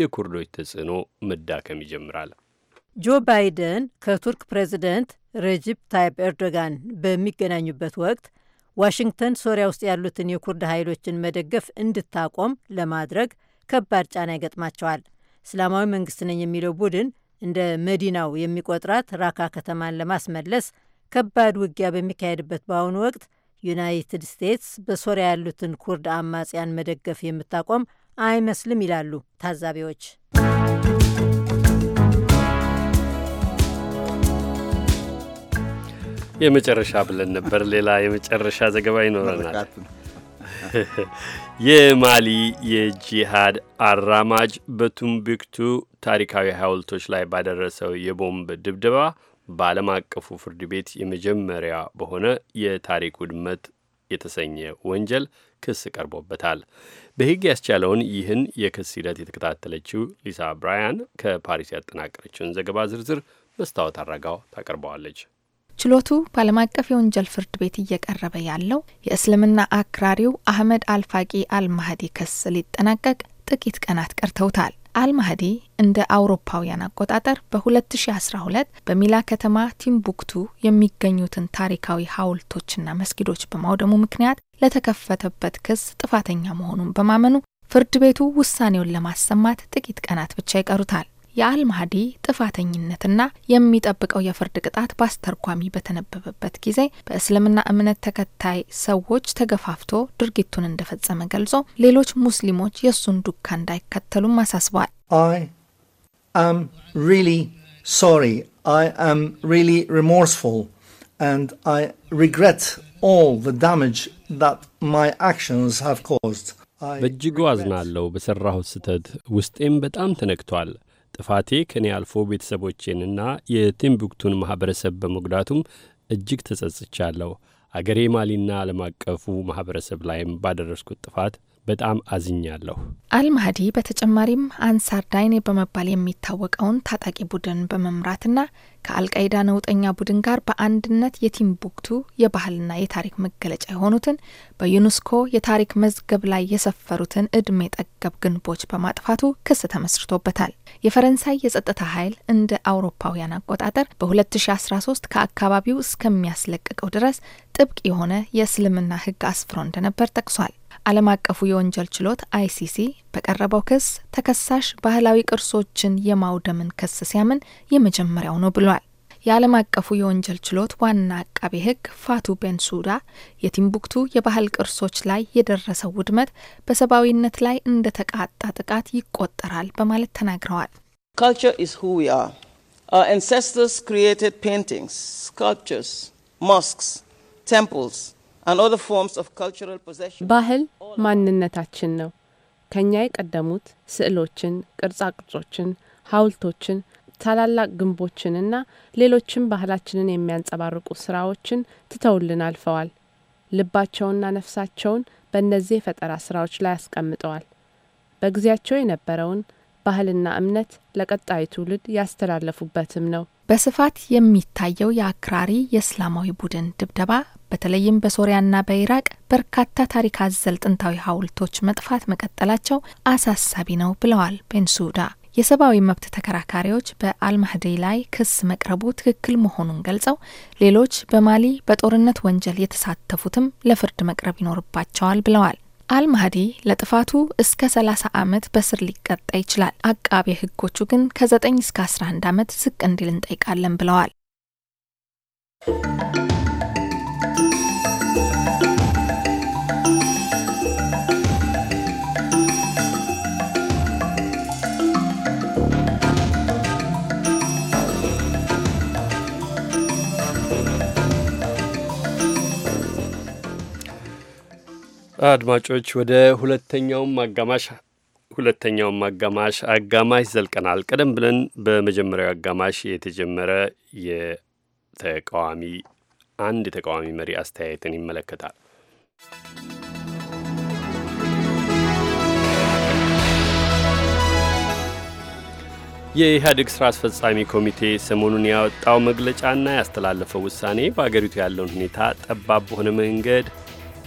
Speaker 2: የኩርዶች ተጽዕኖ መዳከም ይጀምራል።
Speaker 6: ጆ ባይደን ከቱርክ ፕሬዚደንት ረጅብ ታይፕ ኤርዶጋን በሚገናኙበት ወቅት ዋሽንግተን ሶሪያ ውስጥ ያሉትን የኩርድ ኃይሎችን መደገፍ እንድታቆም ለማድረግ ከባድ ጫና ይገጥማቸዋል። እስላማዊ መንግስት ነኝ የሚለው ቡድን እንደ መዲናው የሚቆጥራት ራካ ከተማን ለማስመለስ ከባድ ውጊያ በሚካሄድበት በአሁኑ ወቅት ዩናይትድ ስቴትስ በሶሪያ ያሉትን ኩርድ አማጽያን መደገፍ የምታቆም አይመስልም ይላሉ ታዛቢዎች።
Speaker 2: የመጨረሻ ብለን ነበር። ሌላ የመጨረሻ ዘገባ ይኖረናል። የማሊ የጂሃድ አራማጅ በቱምቢክቱ ታሪካዊ ሐውልቶች ላይ ባደረሰው የቦምብ ድብደባ በዓለም አቀፉ ፍርድ ቤት የመጀመሪያ በሆነ የታሪክ ውድመት የተሰኘ ወንጀል ክስ ቀርቦበታል። በሕግ ያስቻለውን ይህን የክስ ሂደት የተከታተለችው ሊሳ ብራያን ከፓሪስ ያጠናቀረችውን ዘገባ ዝርዝር መስታወት አራጋው ታቀርበዋለች።
Speaker 11: ችሎቱ በዓለም አቀፍ የወንጀል ፍርድ ቤት እየቀረበ ያለው የእስልምና አክራሪው አህመድ አልፋቂ አልማህዲ ክስ ሊጠናቀቅ ጥቂት ቀናት ቀርተውታል። አልማህዲ እንደ አውሮፓውያን አቆጣጠር በ2012 በሚላ ከተማ ቲምቡክቱ የሚገኙትን ታሪካዊ ሐውልቶችና መስጊዶች በማውደሙ ምክንያት ለተከፈተበት ክስ ጥፋተኛ መሆኑን በማመኑ ፍርድ ቤቱ ውሳኔውን ለማሰማት ጥቂት ቀናት ብቻ ይቀሩታል። የአልማህዲ ጥፋተኝነትና የሚጠብቀው የፍርድ ቅጣት በአስተርጓሚ በተነበበበት ጊዜ በእስልምና እምነት ተከታይ ሰዎች ተገፋፍቶ ድርጊቱን እንደፈጸመ ገልጾ ሌሎች ሙስሊሞች የእሱን ዱካ እንዳይከተሉም አሳስበዋል።
Speaker 2: በእጅጉ አዝናለሁ። በሠራሁት ስህተት ውስጤም በጣም ተነክቷል። ጥፋቴ ከኔ አልፎ ቤተሰቦቼንና የቲምቡክቱን ማኅበረሰብ በመጉዳቱም እጅግ ተጸጽቻለሁ። አገሬ ማሊና ዓለም አቀፉ ማኅበረሰብ ላይም ባደረስኩት ጥፋት በጣም አዝኛለሁ።
Speaker 11: አልማህዲ በተጨማሪም አንሳር ዳይኔ በመባል የሚታወቀውን ታጣቂ ቡድን በመምራትና ከአልቃይዳ ነውጠኛ ቡድን ጋር በአንድነት የቲምቡክቱ የባህልና የታሪክ መገለጫ የሆኑትን በዩኔስኮ የታሪክ መዝገብ ላይ የሰፈሩትን እድሜ ጠገብ ግንቦች በማጥፋቱ ክስ ተመስርቶበታል። የፈረንሳይ የጸጥታ ኃይል እንደ አውሮፓውያን አቆጣጠር በ2013 ከአካባቢው እስከሚያስለቅቀው ድረስ ጥብቅ የሆነ የእስልምና ሕግ አስፍሮ እንደነበር ጠቅሷል። ዓለም አቀፉ የወንጀል ችሎት አይሲሲ በቀረበው ክስ ተከሳሽ ባህላዊ ቅርሶችን የማውደምን ክስ ሲያምን የመጀመሪያው ነው ብሏል። የዓለም አቀፉ የወንጀል ችሎት ዋና አቃቤ ሕግ ፋቱ ቤንሱዳ የቲምቡክቱ የባህል ቅርሶች ላይ የደረሰው ውድመት በሰብአዊነት ላይ እንደ ተቃጣ ጥቃት ይቆጠራል በማለት ተናግረዋል።
Speaker 14: Culture is who we are. Our ancestors created paintings,
Speaker 10: ባህል ማንነታችን ነው። ከእኛ የቀደሙት ስዕሎችን፣ ቅርጻቅርጾችን፣ ሐውልቶችን፣ ታላላቅ ግንቦችንና ሌሎችም ባህላችንን የሚያንጸባርቁ ስራዎችን ትተውልን አልፈዋል። ልባቸውና ነፍሳቸውን በእነዚህ የፈጠራ ስራዎች ላይ አስቀምጠዋል። በጊዜያቸው የነበረውን ባህልና እምነት ለቀጣይ ትውልድ
Speaker 11: ያስተላለፉበትም ነው። በስፋት የሚታየው የአክራሪ የእስላማዊ ቡድን ድብደባ በተለይም በሶሪያና በኢራቅ በርካታ ታሪክ አዘል ጥንታዊ ሐውልቶች መጥፋት መቀጠላቸው አሳሳቢ ነው ብለዋል ቤንሱዳ። የሰብአዊ መብት ተከራካሪዎች በአልማህዴ ላይ ክስ መቅረቡ ትክክል መሆኑን ገልጸው ሌሎች በማሊ በጦርነት ወንጀል የተሳተፉትም ለፍርድ መቅረብ ይኖርባቸዋል ብለዋል። አልማህዲ ለጥፋቱ እስከ 30 ዓመት በስር ሊቀጣ ይችላል። አቃቤ ሕጎቹ ግን ከ9 እስከ 11 ዓመት ዝቅ እንዲል እንጠይቃለን ብለዋል። Thank you.
Speaker 2: አድማጮች ወደ ሁለተኛውም አጋማሽ ሁለተኛውም አጋማሽ አጋማሽ ዘልቀናል። ቀደም ብለን በመጀመሪያው አጋማሽ የተጀመረ የተቃዋሚ አንድ የተቃዋሚ መሪ አስተያየትን ይመለከታል። የኢህአዴግ ስራ አስፈጻሚ ኮሚቴ ሰሞኑን ያወጣው መግለጫና ያስተላለፈው ውሳኔ በአገሪቱ ያለውን ሁኔታ ጠባብ በሆነ መንገድ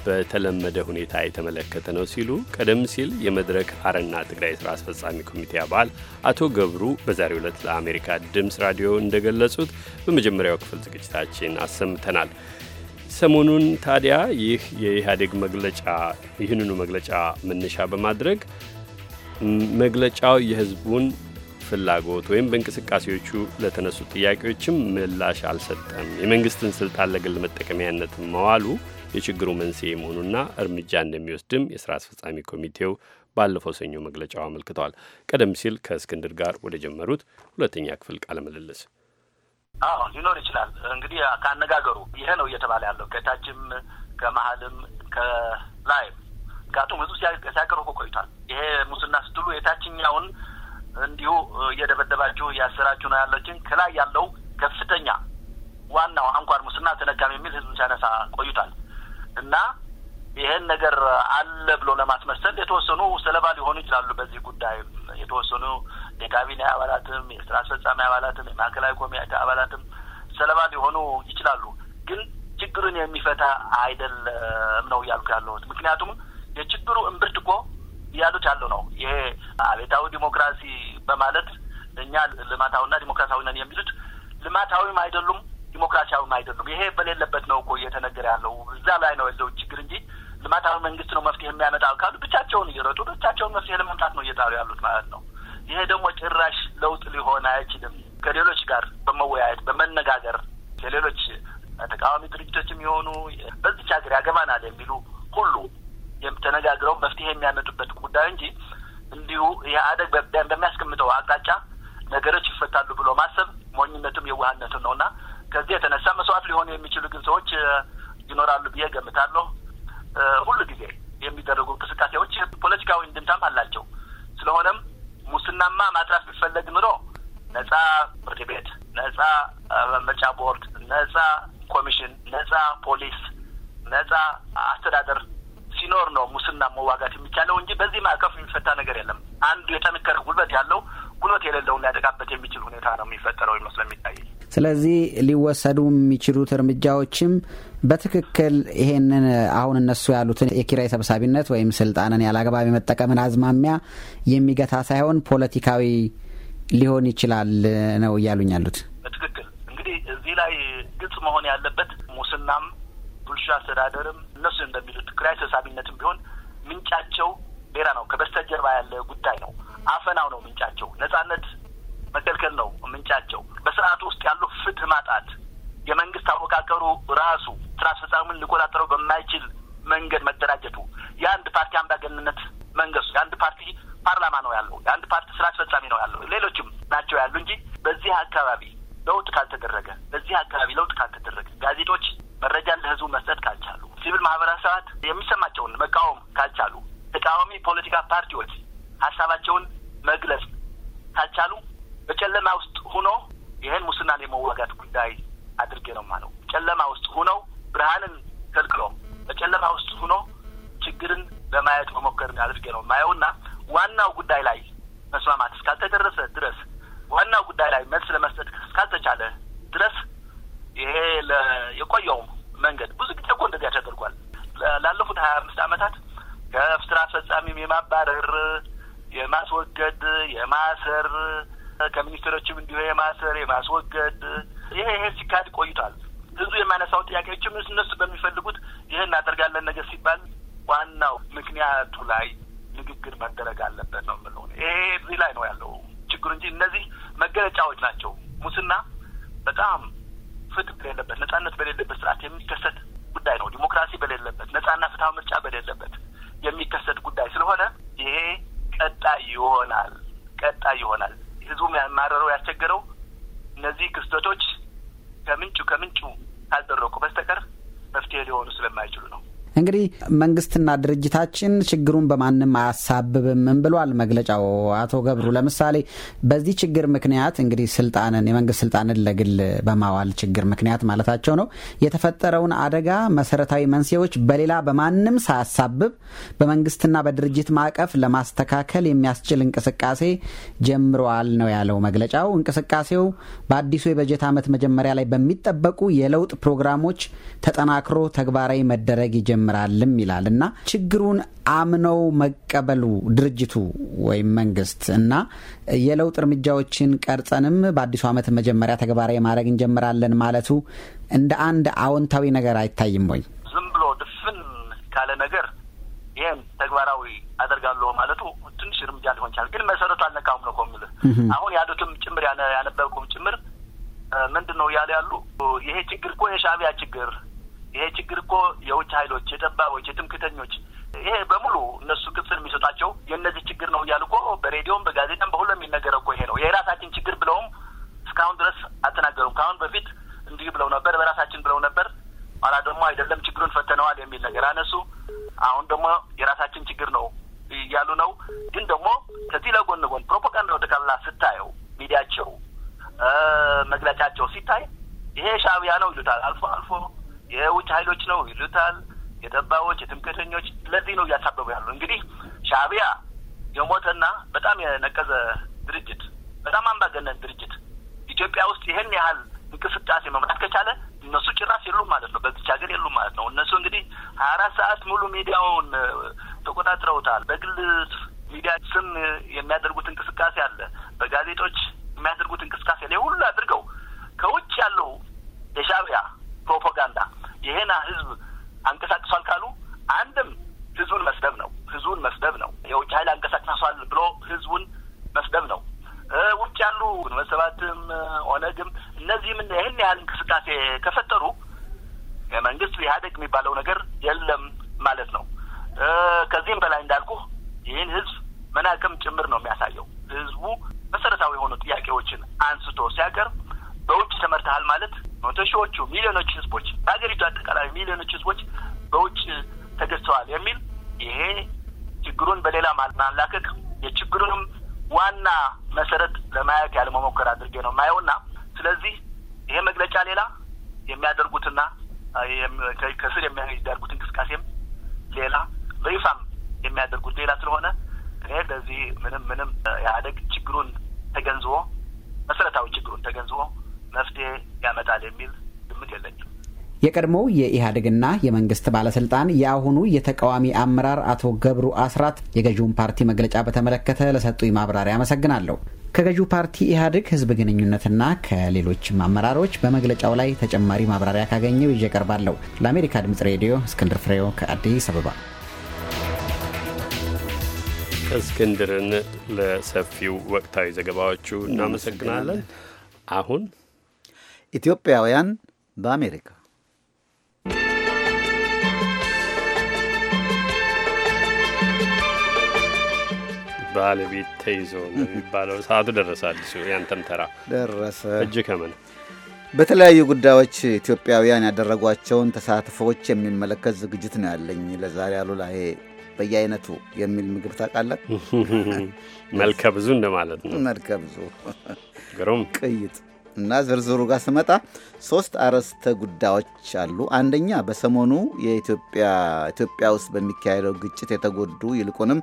Speaker 2: በተለመደ ሁኔታ የተመለከተ ነው ሲሉ ቀደም ሲል የመድረክ አረና ትግራይ ስራ አስፈጻሚ ኮሚቴ አባል አቶ ገብሩ በዛሬው ዕለት ለአሜሪካ ድምፅ ራዲዮ እንደገለጹት በመጀመሪያው ክፍል ዝግጅታችን አሰምተናል። ሰሞኑን ታዲያ ይህ የኢህአዴግ መግለጫ ይህንኑ መግለጫ መነሻ በማድረግ መግለጫው የህዝቡን ፍላጎት ወይም በእንቅስቃሴዎቹ ለተነሱ ጥያቄዎችም ምላሽ አልሰጠም፣ የመንግስትን ስልጣን ለግል መጠቀሚያነት መዋሉ የችግሩ መንስኤ መሆኑና እርምጃ እንደሚወስድም የስራ አስፈጻሚ ኮሚቴው ባለፈው ሰኞ መግለጫው አመልክተዋል። ቀደም ሲል ከእስክንድር ጋር ወደ ጀመሩት ሁለተኛ ክፍል ቃለ ምልልስ
Speaker 3: አዎ ሊኖር ይችላል። እንግዲህ ከአነጋገሩ ይሄ ነው እየተባለ ያለው ከታችም ከመሀልም ከላይም ጋጡ ብዙ ሲያቀርቡ ቆይቷል። ይሄ ሙስና ስትሉ የታችኛውን እንዲሁ እየደበደባችሁ እያሰራችሁ ነው ያለችን ከላይ ያለው ከፍተኛ ዋናው አንኳር ሙስና ተነካም የሚል ህዝብ ሲያነሳ ቆይቷል። እና ይህን ነገር አለ ብሎ ለማስመሰል የተወሰኑ ሰለባ ሊሆኑ ይችላሉ። በዚህ ጉዳይ የተወሰኑ የካቢኔ አባላትም የስራ አስፈጻሚ አባላትም የማዕከላዊ ኮሚቴ አባላትም ሰለባ ሊሆኑ ይችላሉ። ግን ችግሩን የሚፈታ አይደለም ነው እያልኩ ያለሁት። ምክንያቱም የችግሩ እምብርት እኮ እያሉት ያለው ነው ይሄ አቤታዊ ዲሞክራሲ በማለት እኛ ልማታዊና ዲሞክራሲያዊ ነን የሚሉት ልማታዊም አይደሉም ዲሞክራሲያዊም አይደሉም። ይሄ በሌለበት ነው እኮ እየተነገረ ያለው። እዛ ላይ ነው ያለው ችግር እንጂ ልማታዊ መንግስት ነው መፍትሄ የሚያመጣ ካሉ ብቻቸውን እየረጡ ብቻቸውን መፍትሄ ለመምጣት ነው እየጣሩ ያሉት ማለት ነው። ይሄ ደግሞ ጭራሽ ለውጥ ሊሆን አይችልም። ከሌሎች ጋር በመወያየት በመነጋገር ከሌሎች ተቃዋሚ ድርጅቶች የሚሆኑ በዚች ሀገር ያገባናል የሚሉ ሁሉ ተነጋግረው መፍትሄ የሚያመጡበት ጉዳይ እንጂ እንዲሁ ኢህአዴግ በሚያስቀምጠው አቅጣጫ ነገሮች ይፈታሉ ብሎ ማሰብ ሞኝነትም የዋህነትም ነውና ከዚህ የተነሳ መስዋዕት ሊሆኑ የሚችሉ ግን ሰዎች ይኖራሉ ብዬ ገምታለሁ። ሁሉ ጊዜ የሚደረጉ እንቅስቃሴዎች ፖለቲካዊ እንድምታም አላቸው። ስለሆነም ሙስናማ ማጥራት ቢፈለግ ኑሮ ነጻ ፍርድ ቤት፣ ነጻ ምርጫ ቦርድ፣ ነጻ ኮሚሽን፣ ነጻ ፖሊስ፣ ነጻ አስተዳደር ሲኖር ነው ሙስና መዋጋት የሚቻለው እንጂ በዚህ ማዕቀፍ የሚፈታ ነገር የለም። አንዱ የጠንከረ ጉልበት ያለው ጉልበት የሌለውን ሊያጠቃበት የሚችል ሁኔታ ነው የሚፈጠረው ይመስለ የሚታይ
Speaker 1: ስለዚህ ሊወሰዱ የሚችሉት እርምጃዎችም በትክክል ይሄንን አሁን እነሱ ያሉትን የኪራይ ሰብሳቢነት ወይም ስልጣንን ያላግባብ የመጠቀምን አዝማሚያ የሚገታ ሳይሆን ፖለቲካዊ ሊሆን ይችላል ነው እያሉኝ ያሉት።
Speaker 3: በትክክል እንግዲህ እዚህ ላይ ግልጽ መሆን ያለበት ሙስናም፣ ብልሹ አስተዳደርም እነሱ እንደሚሉት ኪራይ ሰብሳቢነትም ቢሆን ምንጫቸው ሌላ ነው። ከበስተጀርባ ያለ ጉዳይ ነው። አፈናው ነው ምንጫቸው። ነጻነት መከልከል ነው ምንጫቸው። በስርዓቱ ውስጥ ያሉ ፍትህ ማጣት፣ የመንግስት አወቃቀሩ ራሱ ስራ አስፈጻሚውን ሊቆጣጠረው በማይችል መንገድ መደራጀቱ፣ የአንድ ፓርቲ አምባገንነት መንገሱ፣ የአንድ ፓርቲ ፓርላማ ነው ያለው፣ የአንድ ፓርቲ ስራ አስፈጻሚ ነው ያለው፣ ሌሎችም ናቸው ያሉ እንጂ በዚህ አካባቢ ለውጥ ካልተደረገ በዚህ አካባቢ ለውጥ ካልተደረገ ጋዜጦች መረጃን ለህዝቡ መስጠት ካልቻሉ፣ ሲቪል ማህበረሰባት የሚሰማቸውን መቃወም ካልቻሉ፣ ተቃዋሚ ፖለቲካ ፓርቲዎች ሀሳባቸውን መግለጽ ካልቻሉ በጨለማ ውስጥ ሁኖ ይህን ሙስናን የመዋጋት ጉዳይ አድርጌ ነው ማለው። ጨለማ ውስጥ ሁነው ብርሃንን ከልክሎ በጨለማ ውስጥ ሁኖ ችግርን ለማየት መሞከር አድርጌ ነው ማየውና ዋናው ጉዳይ ላይ መስማማት እስካልተደረሰ ድረስ ዋናው ጉዳይ ላይ መልስ ለመስጠት እስካልተቻለ ድረስ ይሄ የቆየው መንገድ ብዙ ጊዜ እኮ እንደዚያ ተደርጓል። ላለፉት ሀያ አምስት ዓመታት ከስራ ፈጻሚም የማባረር የማስወገድ የማሰር ከሚኒስትሮችም እንዲሁ የማሰር የማስወገድ ይሄ ይሄ ሲካሄድ ቆይቷል። ህዝቡ የማነሳው ጥያቄዎችም እነሱ በሚፈልጉት ይህ እናደርጋለን ነገር ሲባል ዋናው ምክንያቱ ላይ ንግግር መደረግ አለበት ነው የምለው። ይሄ እዚህ ላይ ነው ያለው ችግሩ እንጂ እነዚህ መገለጫዎች ናቸው። ሙስና በጣም ፍትህ በሌለበት ነጻነት በሌለበት ስርዓት የሚከሰት ጉዳይ ነው። ዲሞክራሲ በሌለበት ነጻና ፍትሀ ምርጫ በሌለበት የሚከሰት ጉዳይ ስለሆነ ይሄ ቀጣይ ይሆናል ቀጣይ ይሆናል። ህዝቡም ያማረረው ያስቸገረው እነዚህ ክስተቶች ከምንጩ ከምንጩ ካልደረቁ በስተቀር መፍትሄ ሊሆኑ ስለማይችሉ ነው።
Speaker 1: እንግዲህ መንግስትና ድርጅታችን ችግሩን በማንም አያሳብብም ብሏል መግለጫው። አቶ ገብሩ ለምሳሌ በዚህ ችግር ምክንያት እንግዲህ ስልጣንን የመንግስት ስልጣንን ለግል በማዋል ችግር ምክንያት ማለታቸው ነው የተፈጠረውን አደጋ መሰረታዊ መንስኤዎች በሌላ በማንም ሳያሳብብ በመንግስትና በድርጅት ማዕቀፍ ለማስተካከል የሚያስችል እንቅስቃሴ ጀምረዋል ነው ያለው መግለጫው። እንቅስቃሴው በአዲሱ የበጀት ዓመት መጀመሪያ ላይ በሚጠበቁ የለውጥ ፕሮግራሞች ተጠናክሮ ተግባራዊ መደረግ ይጀምራል ይጨምራልም ይላል እና ችግሩን አምነው መቀበሉ ድርጅቱ ወይም መንግስት እና የለውጥ እርምጃዎችን ቀርጸንም በአዲሱ ዓመት መጀመሪያ ተግባራዊ ማድረግ እንጀምራለን ማለቱ እንደ አንድ አዎንታዊ ነገር አይታይም ወይ?
Speaker 3: ዝም ብሎ ድፍን ካለ ነገር ይህን ተግባራዊ አደርጋለሁ ማለቱ ትንሽ እርምጃ ሊሆን ይችላል፣ ግን መሰረቱ አልነካም ነው የምልህ። አሁን ያሉትም ጭምር ያነበብኩም ጭምር ምንድን ነው እያለ ያሉ ይሄ ችግር እኮ የሻቢያ ችግር ይሄ ችግር እኮ የውጭ ኃይሎች፣ የጠባቦች፣ የትምክተኞች ይሄ በሙሉ እነሱ ክፍል የሚሰጣቸው የእነዚህ ችግር ነው እያሉ እኮ በሬዲዮም በጋዜጣም በሁሉ የሚነገረው እኮ ይሄ ነው። የራሳችን ችግር ብለውም እስካሁን ድረስ አልተናገሩም። ከአሁን በፊት እንዲህ ብለው ነበር፣ በራሳችን ብለው ነበር። ኋላ ደግሞ አይደለም ችግሩን ፈተነዋል የሚል ነገር አነሱ። አሁን ደግሞ የራሳችን ችግር ነው እያሉ ነው። ግን ደግሞ ከዚህ ለጎን ጎን ፕሮፓጋንዳ ወደ ካላ ስታየው ሚዲያቸው መግለጫቸው ሲታይ ይሄ ሻቢያ ነው ይሉታል አልፎ አልፎ የውጭ ኃይሎች ነው ይሉታል፣ የጠባዎች የትምክተኞች ለዚህ ነው እያሳበቡ ያሉ። እንግዲህ ሻቢያ የሞተና በጣም የነቀዘ ድርጅት፣ በጣም አምባገነን ድርጅት ኢትዮጵያ ውስጥ ይህን ያህል እንቅስቃሴ መምራት ከቻለ እነሱ ጭራስ የሉም ማለት ነው። በዚች ሀገር የሉም ማለት ነው። እነሱ እንግዲህ ሀያ አራት ሰዓት ሙሉ ሚዲያውን ተቆጣጥረውታል። በግል ሚዲያ ስም የሚያደርጉት እንቅስቃሴ አለ። በጋዜጦች
Speaker 1: የቀድሞው የኢህአዴግና የመንግስት ባለስልጣን የአሁኑ የተቃዋሚ አመራር አቶ ገብሩ አስራት የገዢውን ፓርቲ መግለጫ በተመለከተ ለሰጡኝ ማብራሪያ አመሰግናለሁ። ከገዢው ፓርቲ ኢህአዴግ ህዝብ ግንኙነትና ከሌሎችም አመራሮች በመግለጫው ላይ ተጨማሪ ማብራሪያ ካገኘው ይዤ እቀርባለሁ። ለአሜሪካ ድምፅ ሬዲዮ እስክንድር ፍሬው ከአዲስ አበባ።
Speaker 2: እስክንድርን ለሰፊው ወቅታዊ ዘገባዎቹ እናመሰግናለን። አሁን
Speaker 5: ኢትዮጵያውያን በአሜሪካ
Speaker 2: ባለቤት ተይዞ የሚባለው ሰዓቱ ደረሰ። አዲሱ ያንተም ተራ ደረሰ። እጅ ከምን
Speaker 5: በተለያዩ ጉዳዮች ኢትዮጵያውያን ያደረጓቸውን ተሳትፎዎች የሚመለከት ዝግጅት ነው ያለኝ ለዛሬ። አሉላ ይሄ በየአይነቱ የሚል ምግብ ታውቃለህ? መልከ
Speaker 2: ብዙ እንደማለት ነው። መልከ ብዙ
Speaker 5: ግሩም ቅይጥ እና ዝርዝሩ ጋር ስመጣ ሶስት አርዕስተ ጉዳዮች አሉ። አንደኛ በሰሞኑ የኢትዮጵያ ኢትዮጵያ ውስጥ በሚካሄደው ግጭት የተጎዱ ይልቁንም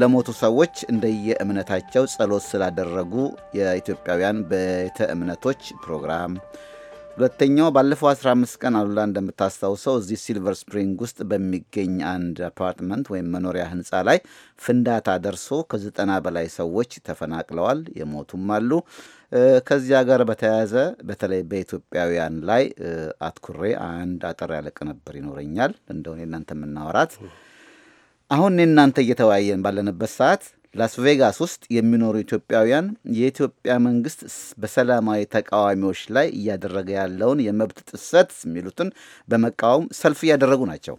Speaker 5: ለሞቱ ሰዎች እንደየእምነታቸው ጸሎት ስላደረጉ የኢትዮጵያውያን ቤተ እምነቶች ፕሮግራም ሁለተኛው ባለፈው 15 ቀን አሉላ እንደምታስታውሰው እዚህ ሲልቨር ስፕሪንግ ውስጥ በሚገኝ አንድ አፓርትመንት ወይም መኖሪያ ህንፃ ላይ ፍንዳታ ደርሶ ከዘጠና በላይ ሰዎች ተፈናቅለዋል፣ የሞቱም አሉ። ከዚያ ጋር በተያያዘ በተለይ በኢትዮጵያውያን ላይ አትኩሬ አንድ አጠር ያለ ቅንብር ይኖረኛል እንደሆነ እናንተ የምናወራት አሁን እናንተ እየተወያየን ባለንበት ሰዓት ላስ ቬጋስ ውስጥ የሚኖሩ ኢትዮጵያውያን የኢትዮጵያ መንግስት በሰላማዊ ተቃዋሚዎች ላይ እያደረገ ያለውን የመብት ጥሰት የሚሉትን በመቃወም ሰልፍ እያደረጉ ናቸው።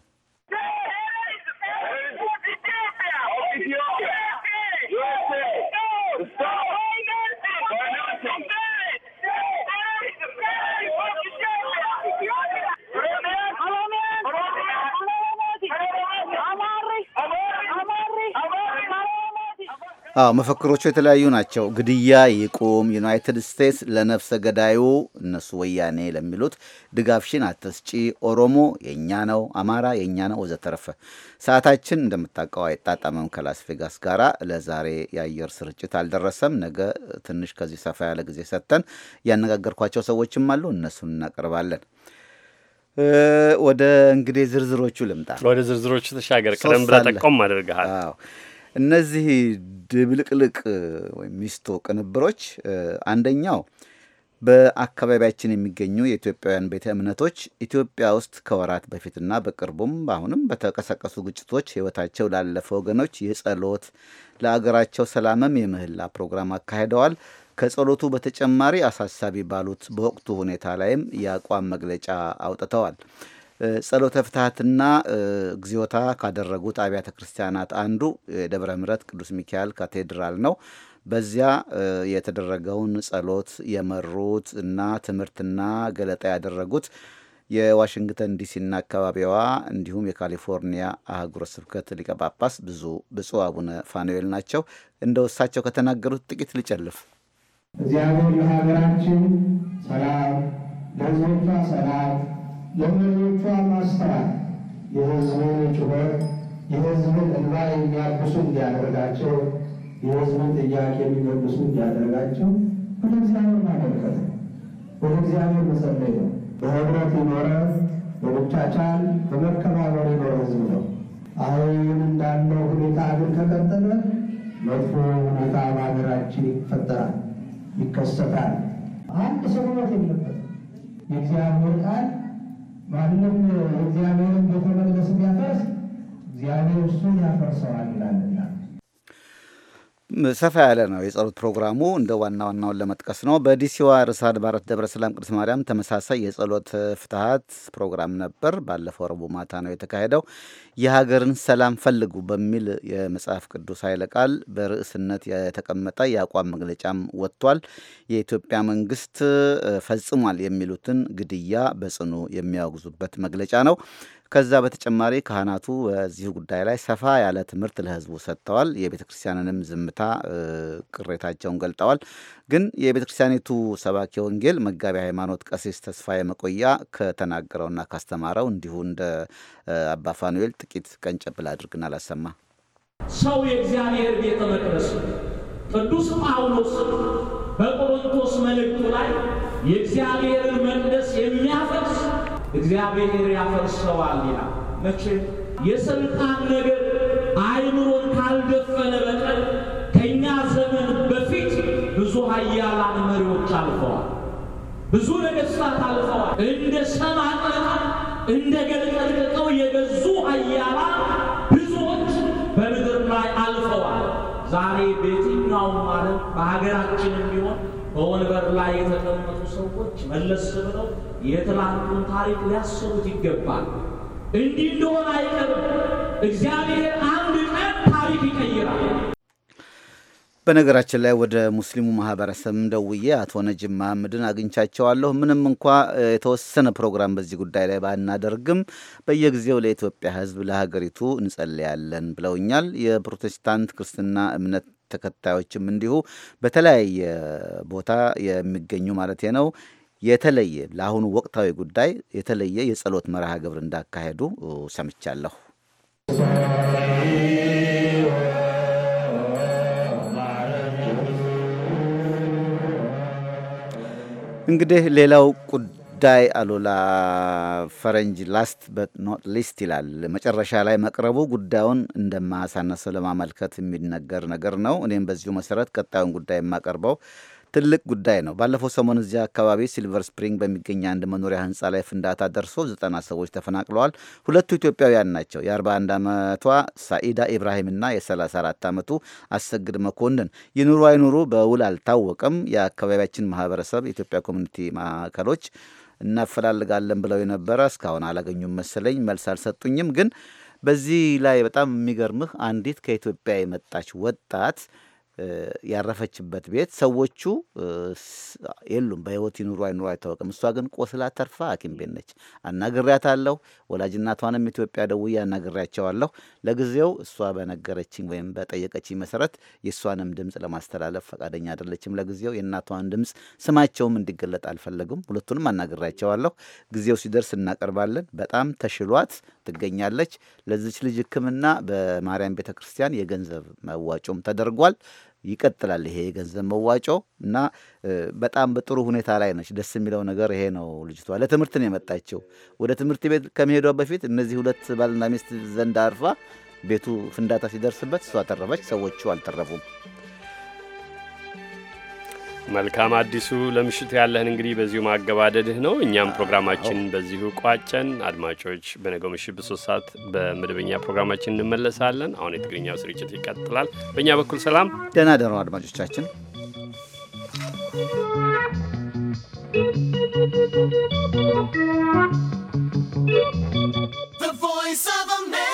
Speaker 5: አዎ መፈክሮቹ የተለያዩ ናቸው። ግድያ ይቁም፣ ዩናይትድ ስቴትስ ለነፍሰ ገዳዩ እነሱ ወያኔ ለሚሉት ድጋፍሽን አትስጪ፣ ኦሮሞ የእኛ ነው፣ አማራ የእኛ ነው ወዘተረፈ። ሰዓታችን እንደምታውቀው አይጣጣመም ከላስ ቬጋስ ጋራ ለዛሬ የአየር ስርጭት አልደረሰም። ነገ ትንሽ ከዚህ ሰፋ ያለ ጊዜ ሰጥተን ያነጋገርኳቸው ሰዎችም አሉ፣ እነሱን እናቀርባለን። ወደ እንግዲህ ዝርዝሮቹ ልምጣ። ወደ ዝርዝሮቹ ተሻገር። ቀደም ብላ ጠቆም አድርገሃል። እነዚህ ድብልቅልቅ ወይም ሚስቶ ቅንብሮች አንደኛው በአካባቢያችን የሚገኙ የኢትዮጵያውያን ቤተ እምነቶች ኢትዮጵያ ውስጥ ከወራት በፊትና በቅርቡም አሁንም በተቀሰቀሱ ግጭቶች ሕይወታቸው ላለፈ ወገኖች የጸሎት ለአገራቸው ሰላምም የምህላ ፕሮግራም አካሂደዋል። ከጸሎቱ በተጨማሪ አሳሳቢ ባሉት በወቅቱ ሁኔታ ላይም የአቋም መግለጫ አውጥተዋል። ጸሎተ ፍትሐትና እግዚኦታ ካደረጉት አብያተ ክርስቲያናት አንዱ የደብረ ምረት ቅዱስ ሚካኤል ካቴድራል ነው። በዚያ የተደረገውን ጸሎት የመሩት እና ትምህርትና ገለጣ ያደረጉት የዋሽንግተን ዲሲና አካባቢዋ እንዲሁም የካሊፎርኒያ አህጉረ ስብከት ሊቀ ጳጳስ ብዙ ብፁዕ አቡነ ፋኑኤል ናቸው። እንደ ውሳቸው ከተናገሩት ጥቂት ልጨልፍ።
Speaker 13: እግዚአብሔር ለሀገራችን ሰላም፣ ለሕዝቦቿ ሰላም የመሪዎቿ ማስተራት የህዝብን ጩኸት የህዝብን እንባ የሚያብሱ እንዲያደርጋቸው የህዝብን ጥያቄ የሚመልሱ እንዲያደርጋቸው ወደ እግዚአብሔር ማመልከት ነው። ወደ እግዚአብሔር መጸለይ ነው። በህብረት የኖረ በመቻቻል በመከባበር የኖረ ህዝብ ነው። አሁን እንዳለው ሁኔታ ግን ከቀጠለ መጥፎ ሁኔታ በሀገራችን ይፈጠራል፣ ይከሰታል። አንድ ሰው ሞት የለበትም። የእግዚአብሔር ቃል ማንም እግዚአብሔርን ቤተ መቅደስን ቢያፈርስ እግዚአብሔር እሱን ያፈርሰዋል ይላል።
Speaker 5: ሰፋ ያለ ነው የጸሎት ፕሮግራሙ። እንደ ዋና ዋናውን ለመጥቀስ ነው። በዲሲዋ ርዕሰ አድባራት ደብረ ሰላም ቅድስት ማርያም ተመሳሳይ የጸሎት ፍትሐት ፕሮግራም ነበር። ባለፈው ረቡዕ ማታ ነው የተካሄደው። የሀገርን ሰላም ፈልጉ በሚል የመጽሐፍ ቅዱስ ኃይለ ቃል በርዕስነት የተቀመጠ የአቋም መግለጫም ወጥቷል። የኢትዮጵያ መንግስት ፈጽሟል የሚሉትን ግድያ በጽኑ የሚያወግዙበት መግለጫ ነው። ከዛ በተጨማሪ ካህናቱ በዚሁ ጉዳይ ላይ ሰፋ ያለ ትምህርት ለህዝቡ ሰጥተዋል። የቤተ ክርስቲያንንም ዝምታ ቅሬታቸውን ገልጠዋል። ግን የቤተ ክርስቲያኒቱ ሰባኪ ወንጌል መጋቢ ሃይማኖት ቀሲስ ተስፋዬ መቆያ ከተናገረውና ካስተማረው እንዲሁ እንደ አባ ፋኑኤል ጥቂት ቀንጨብል አድርግና አላሰማ
Speaker 3: ሰው የእግዚአብሔር ቤተ መቅደስ ቅዱስ ጳውሎስ በቆሮንቶስ መልእክቱ ላይ የእግዚአብሔርን መቅደስ የሚያፈርስ እግዚአብሔር ያፈርሰዋል ይላል። መቼ የስልጣን ነገር አይምሮን ካልደፈነ በቀር ከእኛ ዘመን በፊት ብዙ ኃያላን መሪዎች አልፈዋል። ብዙ ነገስታት አልፈዋል። እንደ ሰማዕታት እንደ ገለጠጥቀው የገዙ ኃያላን ብዙዎች በምድር ላይ አልፈዋል። ዛሬ በየትኛውም ማለት በሀገራችን የሚሆን በወንበር ላይ የተቀመጡ ሰዎች መለስ ብለው የትላንቱን ታሪክ ሊያስቡት ይገባል። እንዲህ እንደሆነ አይቀርም። እግዚአብሔር አንድ ቀን ታሪክ ይቀይራል።
Speaker 5: በነገራችን ላይ ወደ ሙስሊሙ ማህበረሰብ እንደውዬ አቶ ነጅም መሐመድን አግኝቻቸዋለሁ። ምንም እንኳ የተወሰነ ፕሮግራም በዚህ ጉዳይ ላይ ባናደርግም በየጊዜው ለኢትዮጵያ ሕዝብ ለሀገሪቱ እንጸልያለን ብለውኛል። የፕሮቴስታንት ክርስትና እምነት ተከታዮችም እንዲሁ በተለያየ ቦታ የሚገኙ ማለት ነው የተለየ ለአሁኑ ወቅታዊ ጉዳይ የተለየ የጸሎት መርሃ ግብር እንዳካሄዱ ሰምቻለሁ። እንግዲህ ሌላው ጉዳይ አሉላ ፈረንጅ ላስት በት ኖት ሊስት ይላል። መጨረሻ ላይ መቅረቡ ጉዳዩን እንደማያሳነሰው ለማመልከት የሚነገር ነገር ነው። እኔም በዚሁ መሰረት ቀጣዩን ጉዳይ የማቀርበው ትልቅ ጉዳይ ነው። ባለፈው ሰሞን እዚያ አካባቢ ሲልቨር ስፕሪንግ በሚገኝ አንድ መኖሪያ ህንፃ ላይ ፍንዳታ ደርሶ ዘጠና ሰዎች ተፈናቅለዋል። ሁለቱ ኢትዮጵያውያን ናቸው። የ41 ዓመቷ ሳኢዳ ኢብራሂምና የ34 ዓመቱ አሰግድ መኮንን። ይኑሩ አይኑሩ በውል አልታወቀም። የአካባቢያችን ማህበረሰብ የኢትዮጵያ ኮሚኒቲ ማዕከሎች እናፈላልጋለን ብለው የነበረ እስካሁን አላገኙም መሰለኝ። መልስ አልሰጡኝም። ግን በዚህ ላይ በጣም የሚገርምህ አንዲት ከኢትዮጵያ የመጣች ወጣት ያረፈችበት ቤት ሰዎቹ የሉም፣ በህይወት ይኑሩ አይኑሩ አይታወቅም። እሷ ግን ቆስላ ተርፋ ሐኪም ቤት ነች። አናግሬያታለሁ። ወላጅናቷንም ኢትዮጵያ ደውዬ አናግሬያቸዋለሁ። ለጊዜው እሷ በነገረችኝ ወይም በጠየቀችኝ መሰረት የእሷንም ድምፅ ለማስተላለፍ ፈቃደኛ አይደለችም። ለጊዜው የእናቷን ድምፅ ስማቸውም እንዲገለጥ አልፈለጉም። ሁለቱንም አናግሬያቸዋለሁ። ጊዜው ሲደርስ እናቀርባለን። በጣም ተሽሏት ትገኛለች። ለዚች ልጅ ሕክምና በማርያም ቤተ ክርስቲያን የገንዘብ መዋጮም ተደርጓል። ይቀጥላል ይሄ የገንዘብ መዋጮ እና በጣም በጥሩ ሁኔታ ላይ ነች። ደስ የሚለው ነገር ይሄ ነው። ልጅቷ ለትምህርት ነው የመጣችው። ወደ ትምህርት ቤት ከመሄዷ በፊት እነዚህ ሁለት ባልና ሚስት ዘንድ አርፋ ቤቱ ፍንዳታ ሲደርስበት እሷ ተረፈች፣ ሰዎቹ
Speaker 2: አልተረፉም። መልካም አዲሱ፣ ለምሽቱ ያለህን እንግዲህ በዚሁ ማገባደድህ ነው። እኛም ፕሮግራማችን በዚሁ ቋጨን። አድማጮች፣ በነገው ምሽት በሶስት ሰዓት በመደበኛ ፕሮግራማችን እንመለሳለን። አሁን የትግርኛው ስርጭት ይቀጥላል። በእኛ በኩል ሰላም፣
Speaker 5: ደህና ደሩ አድማጮቻችን።
Speaker 3: The voice of a man.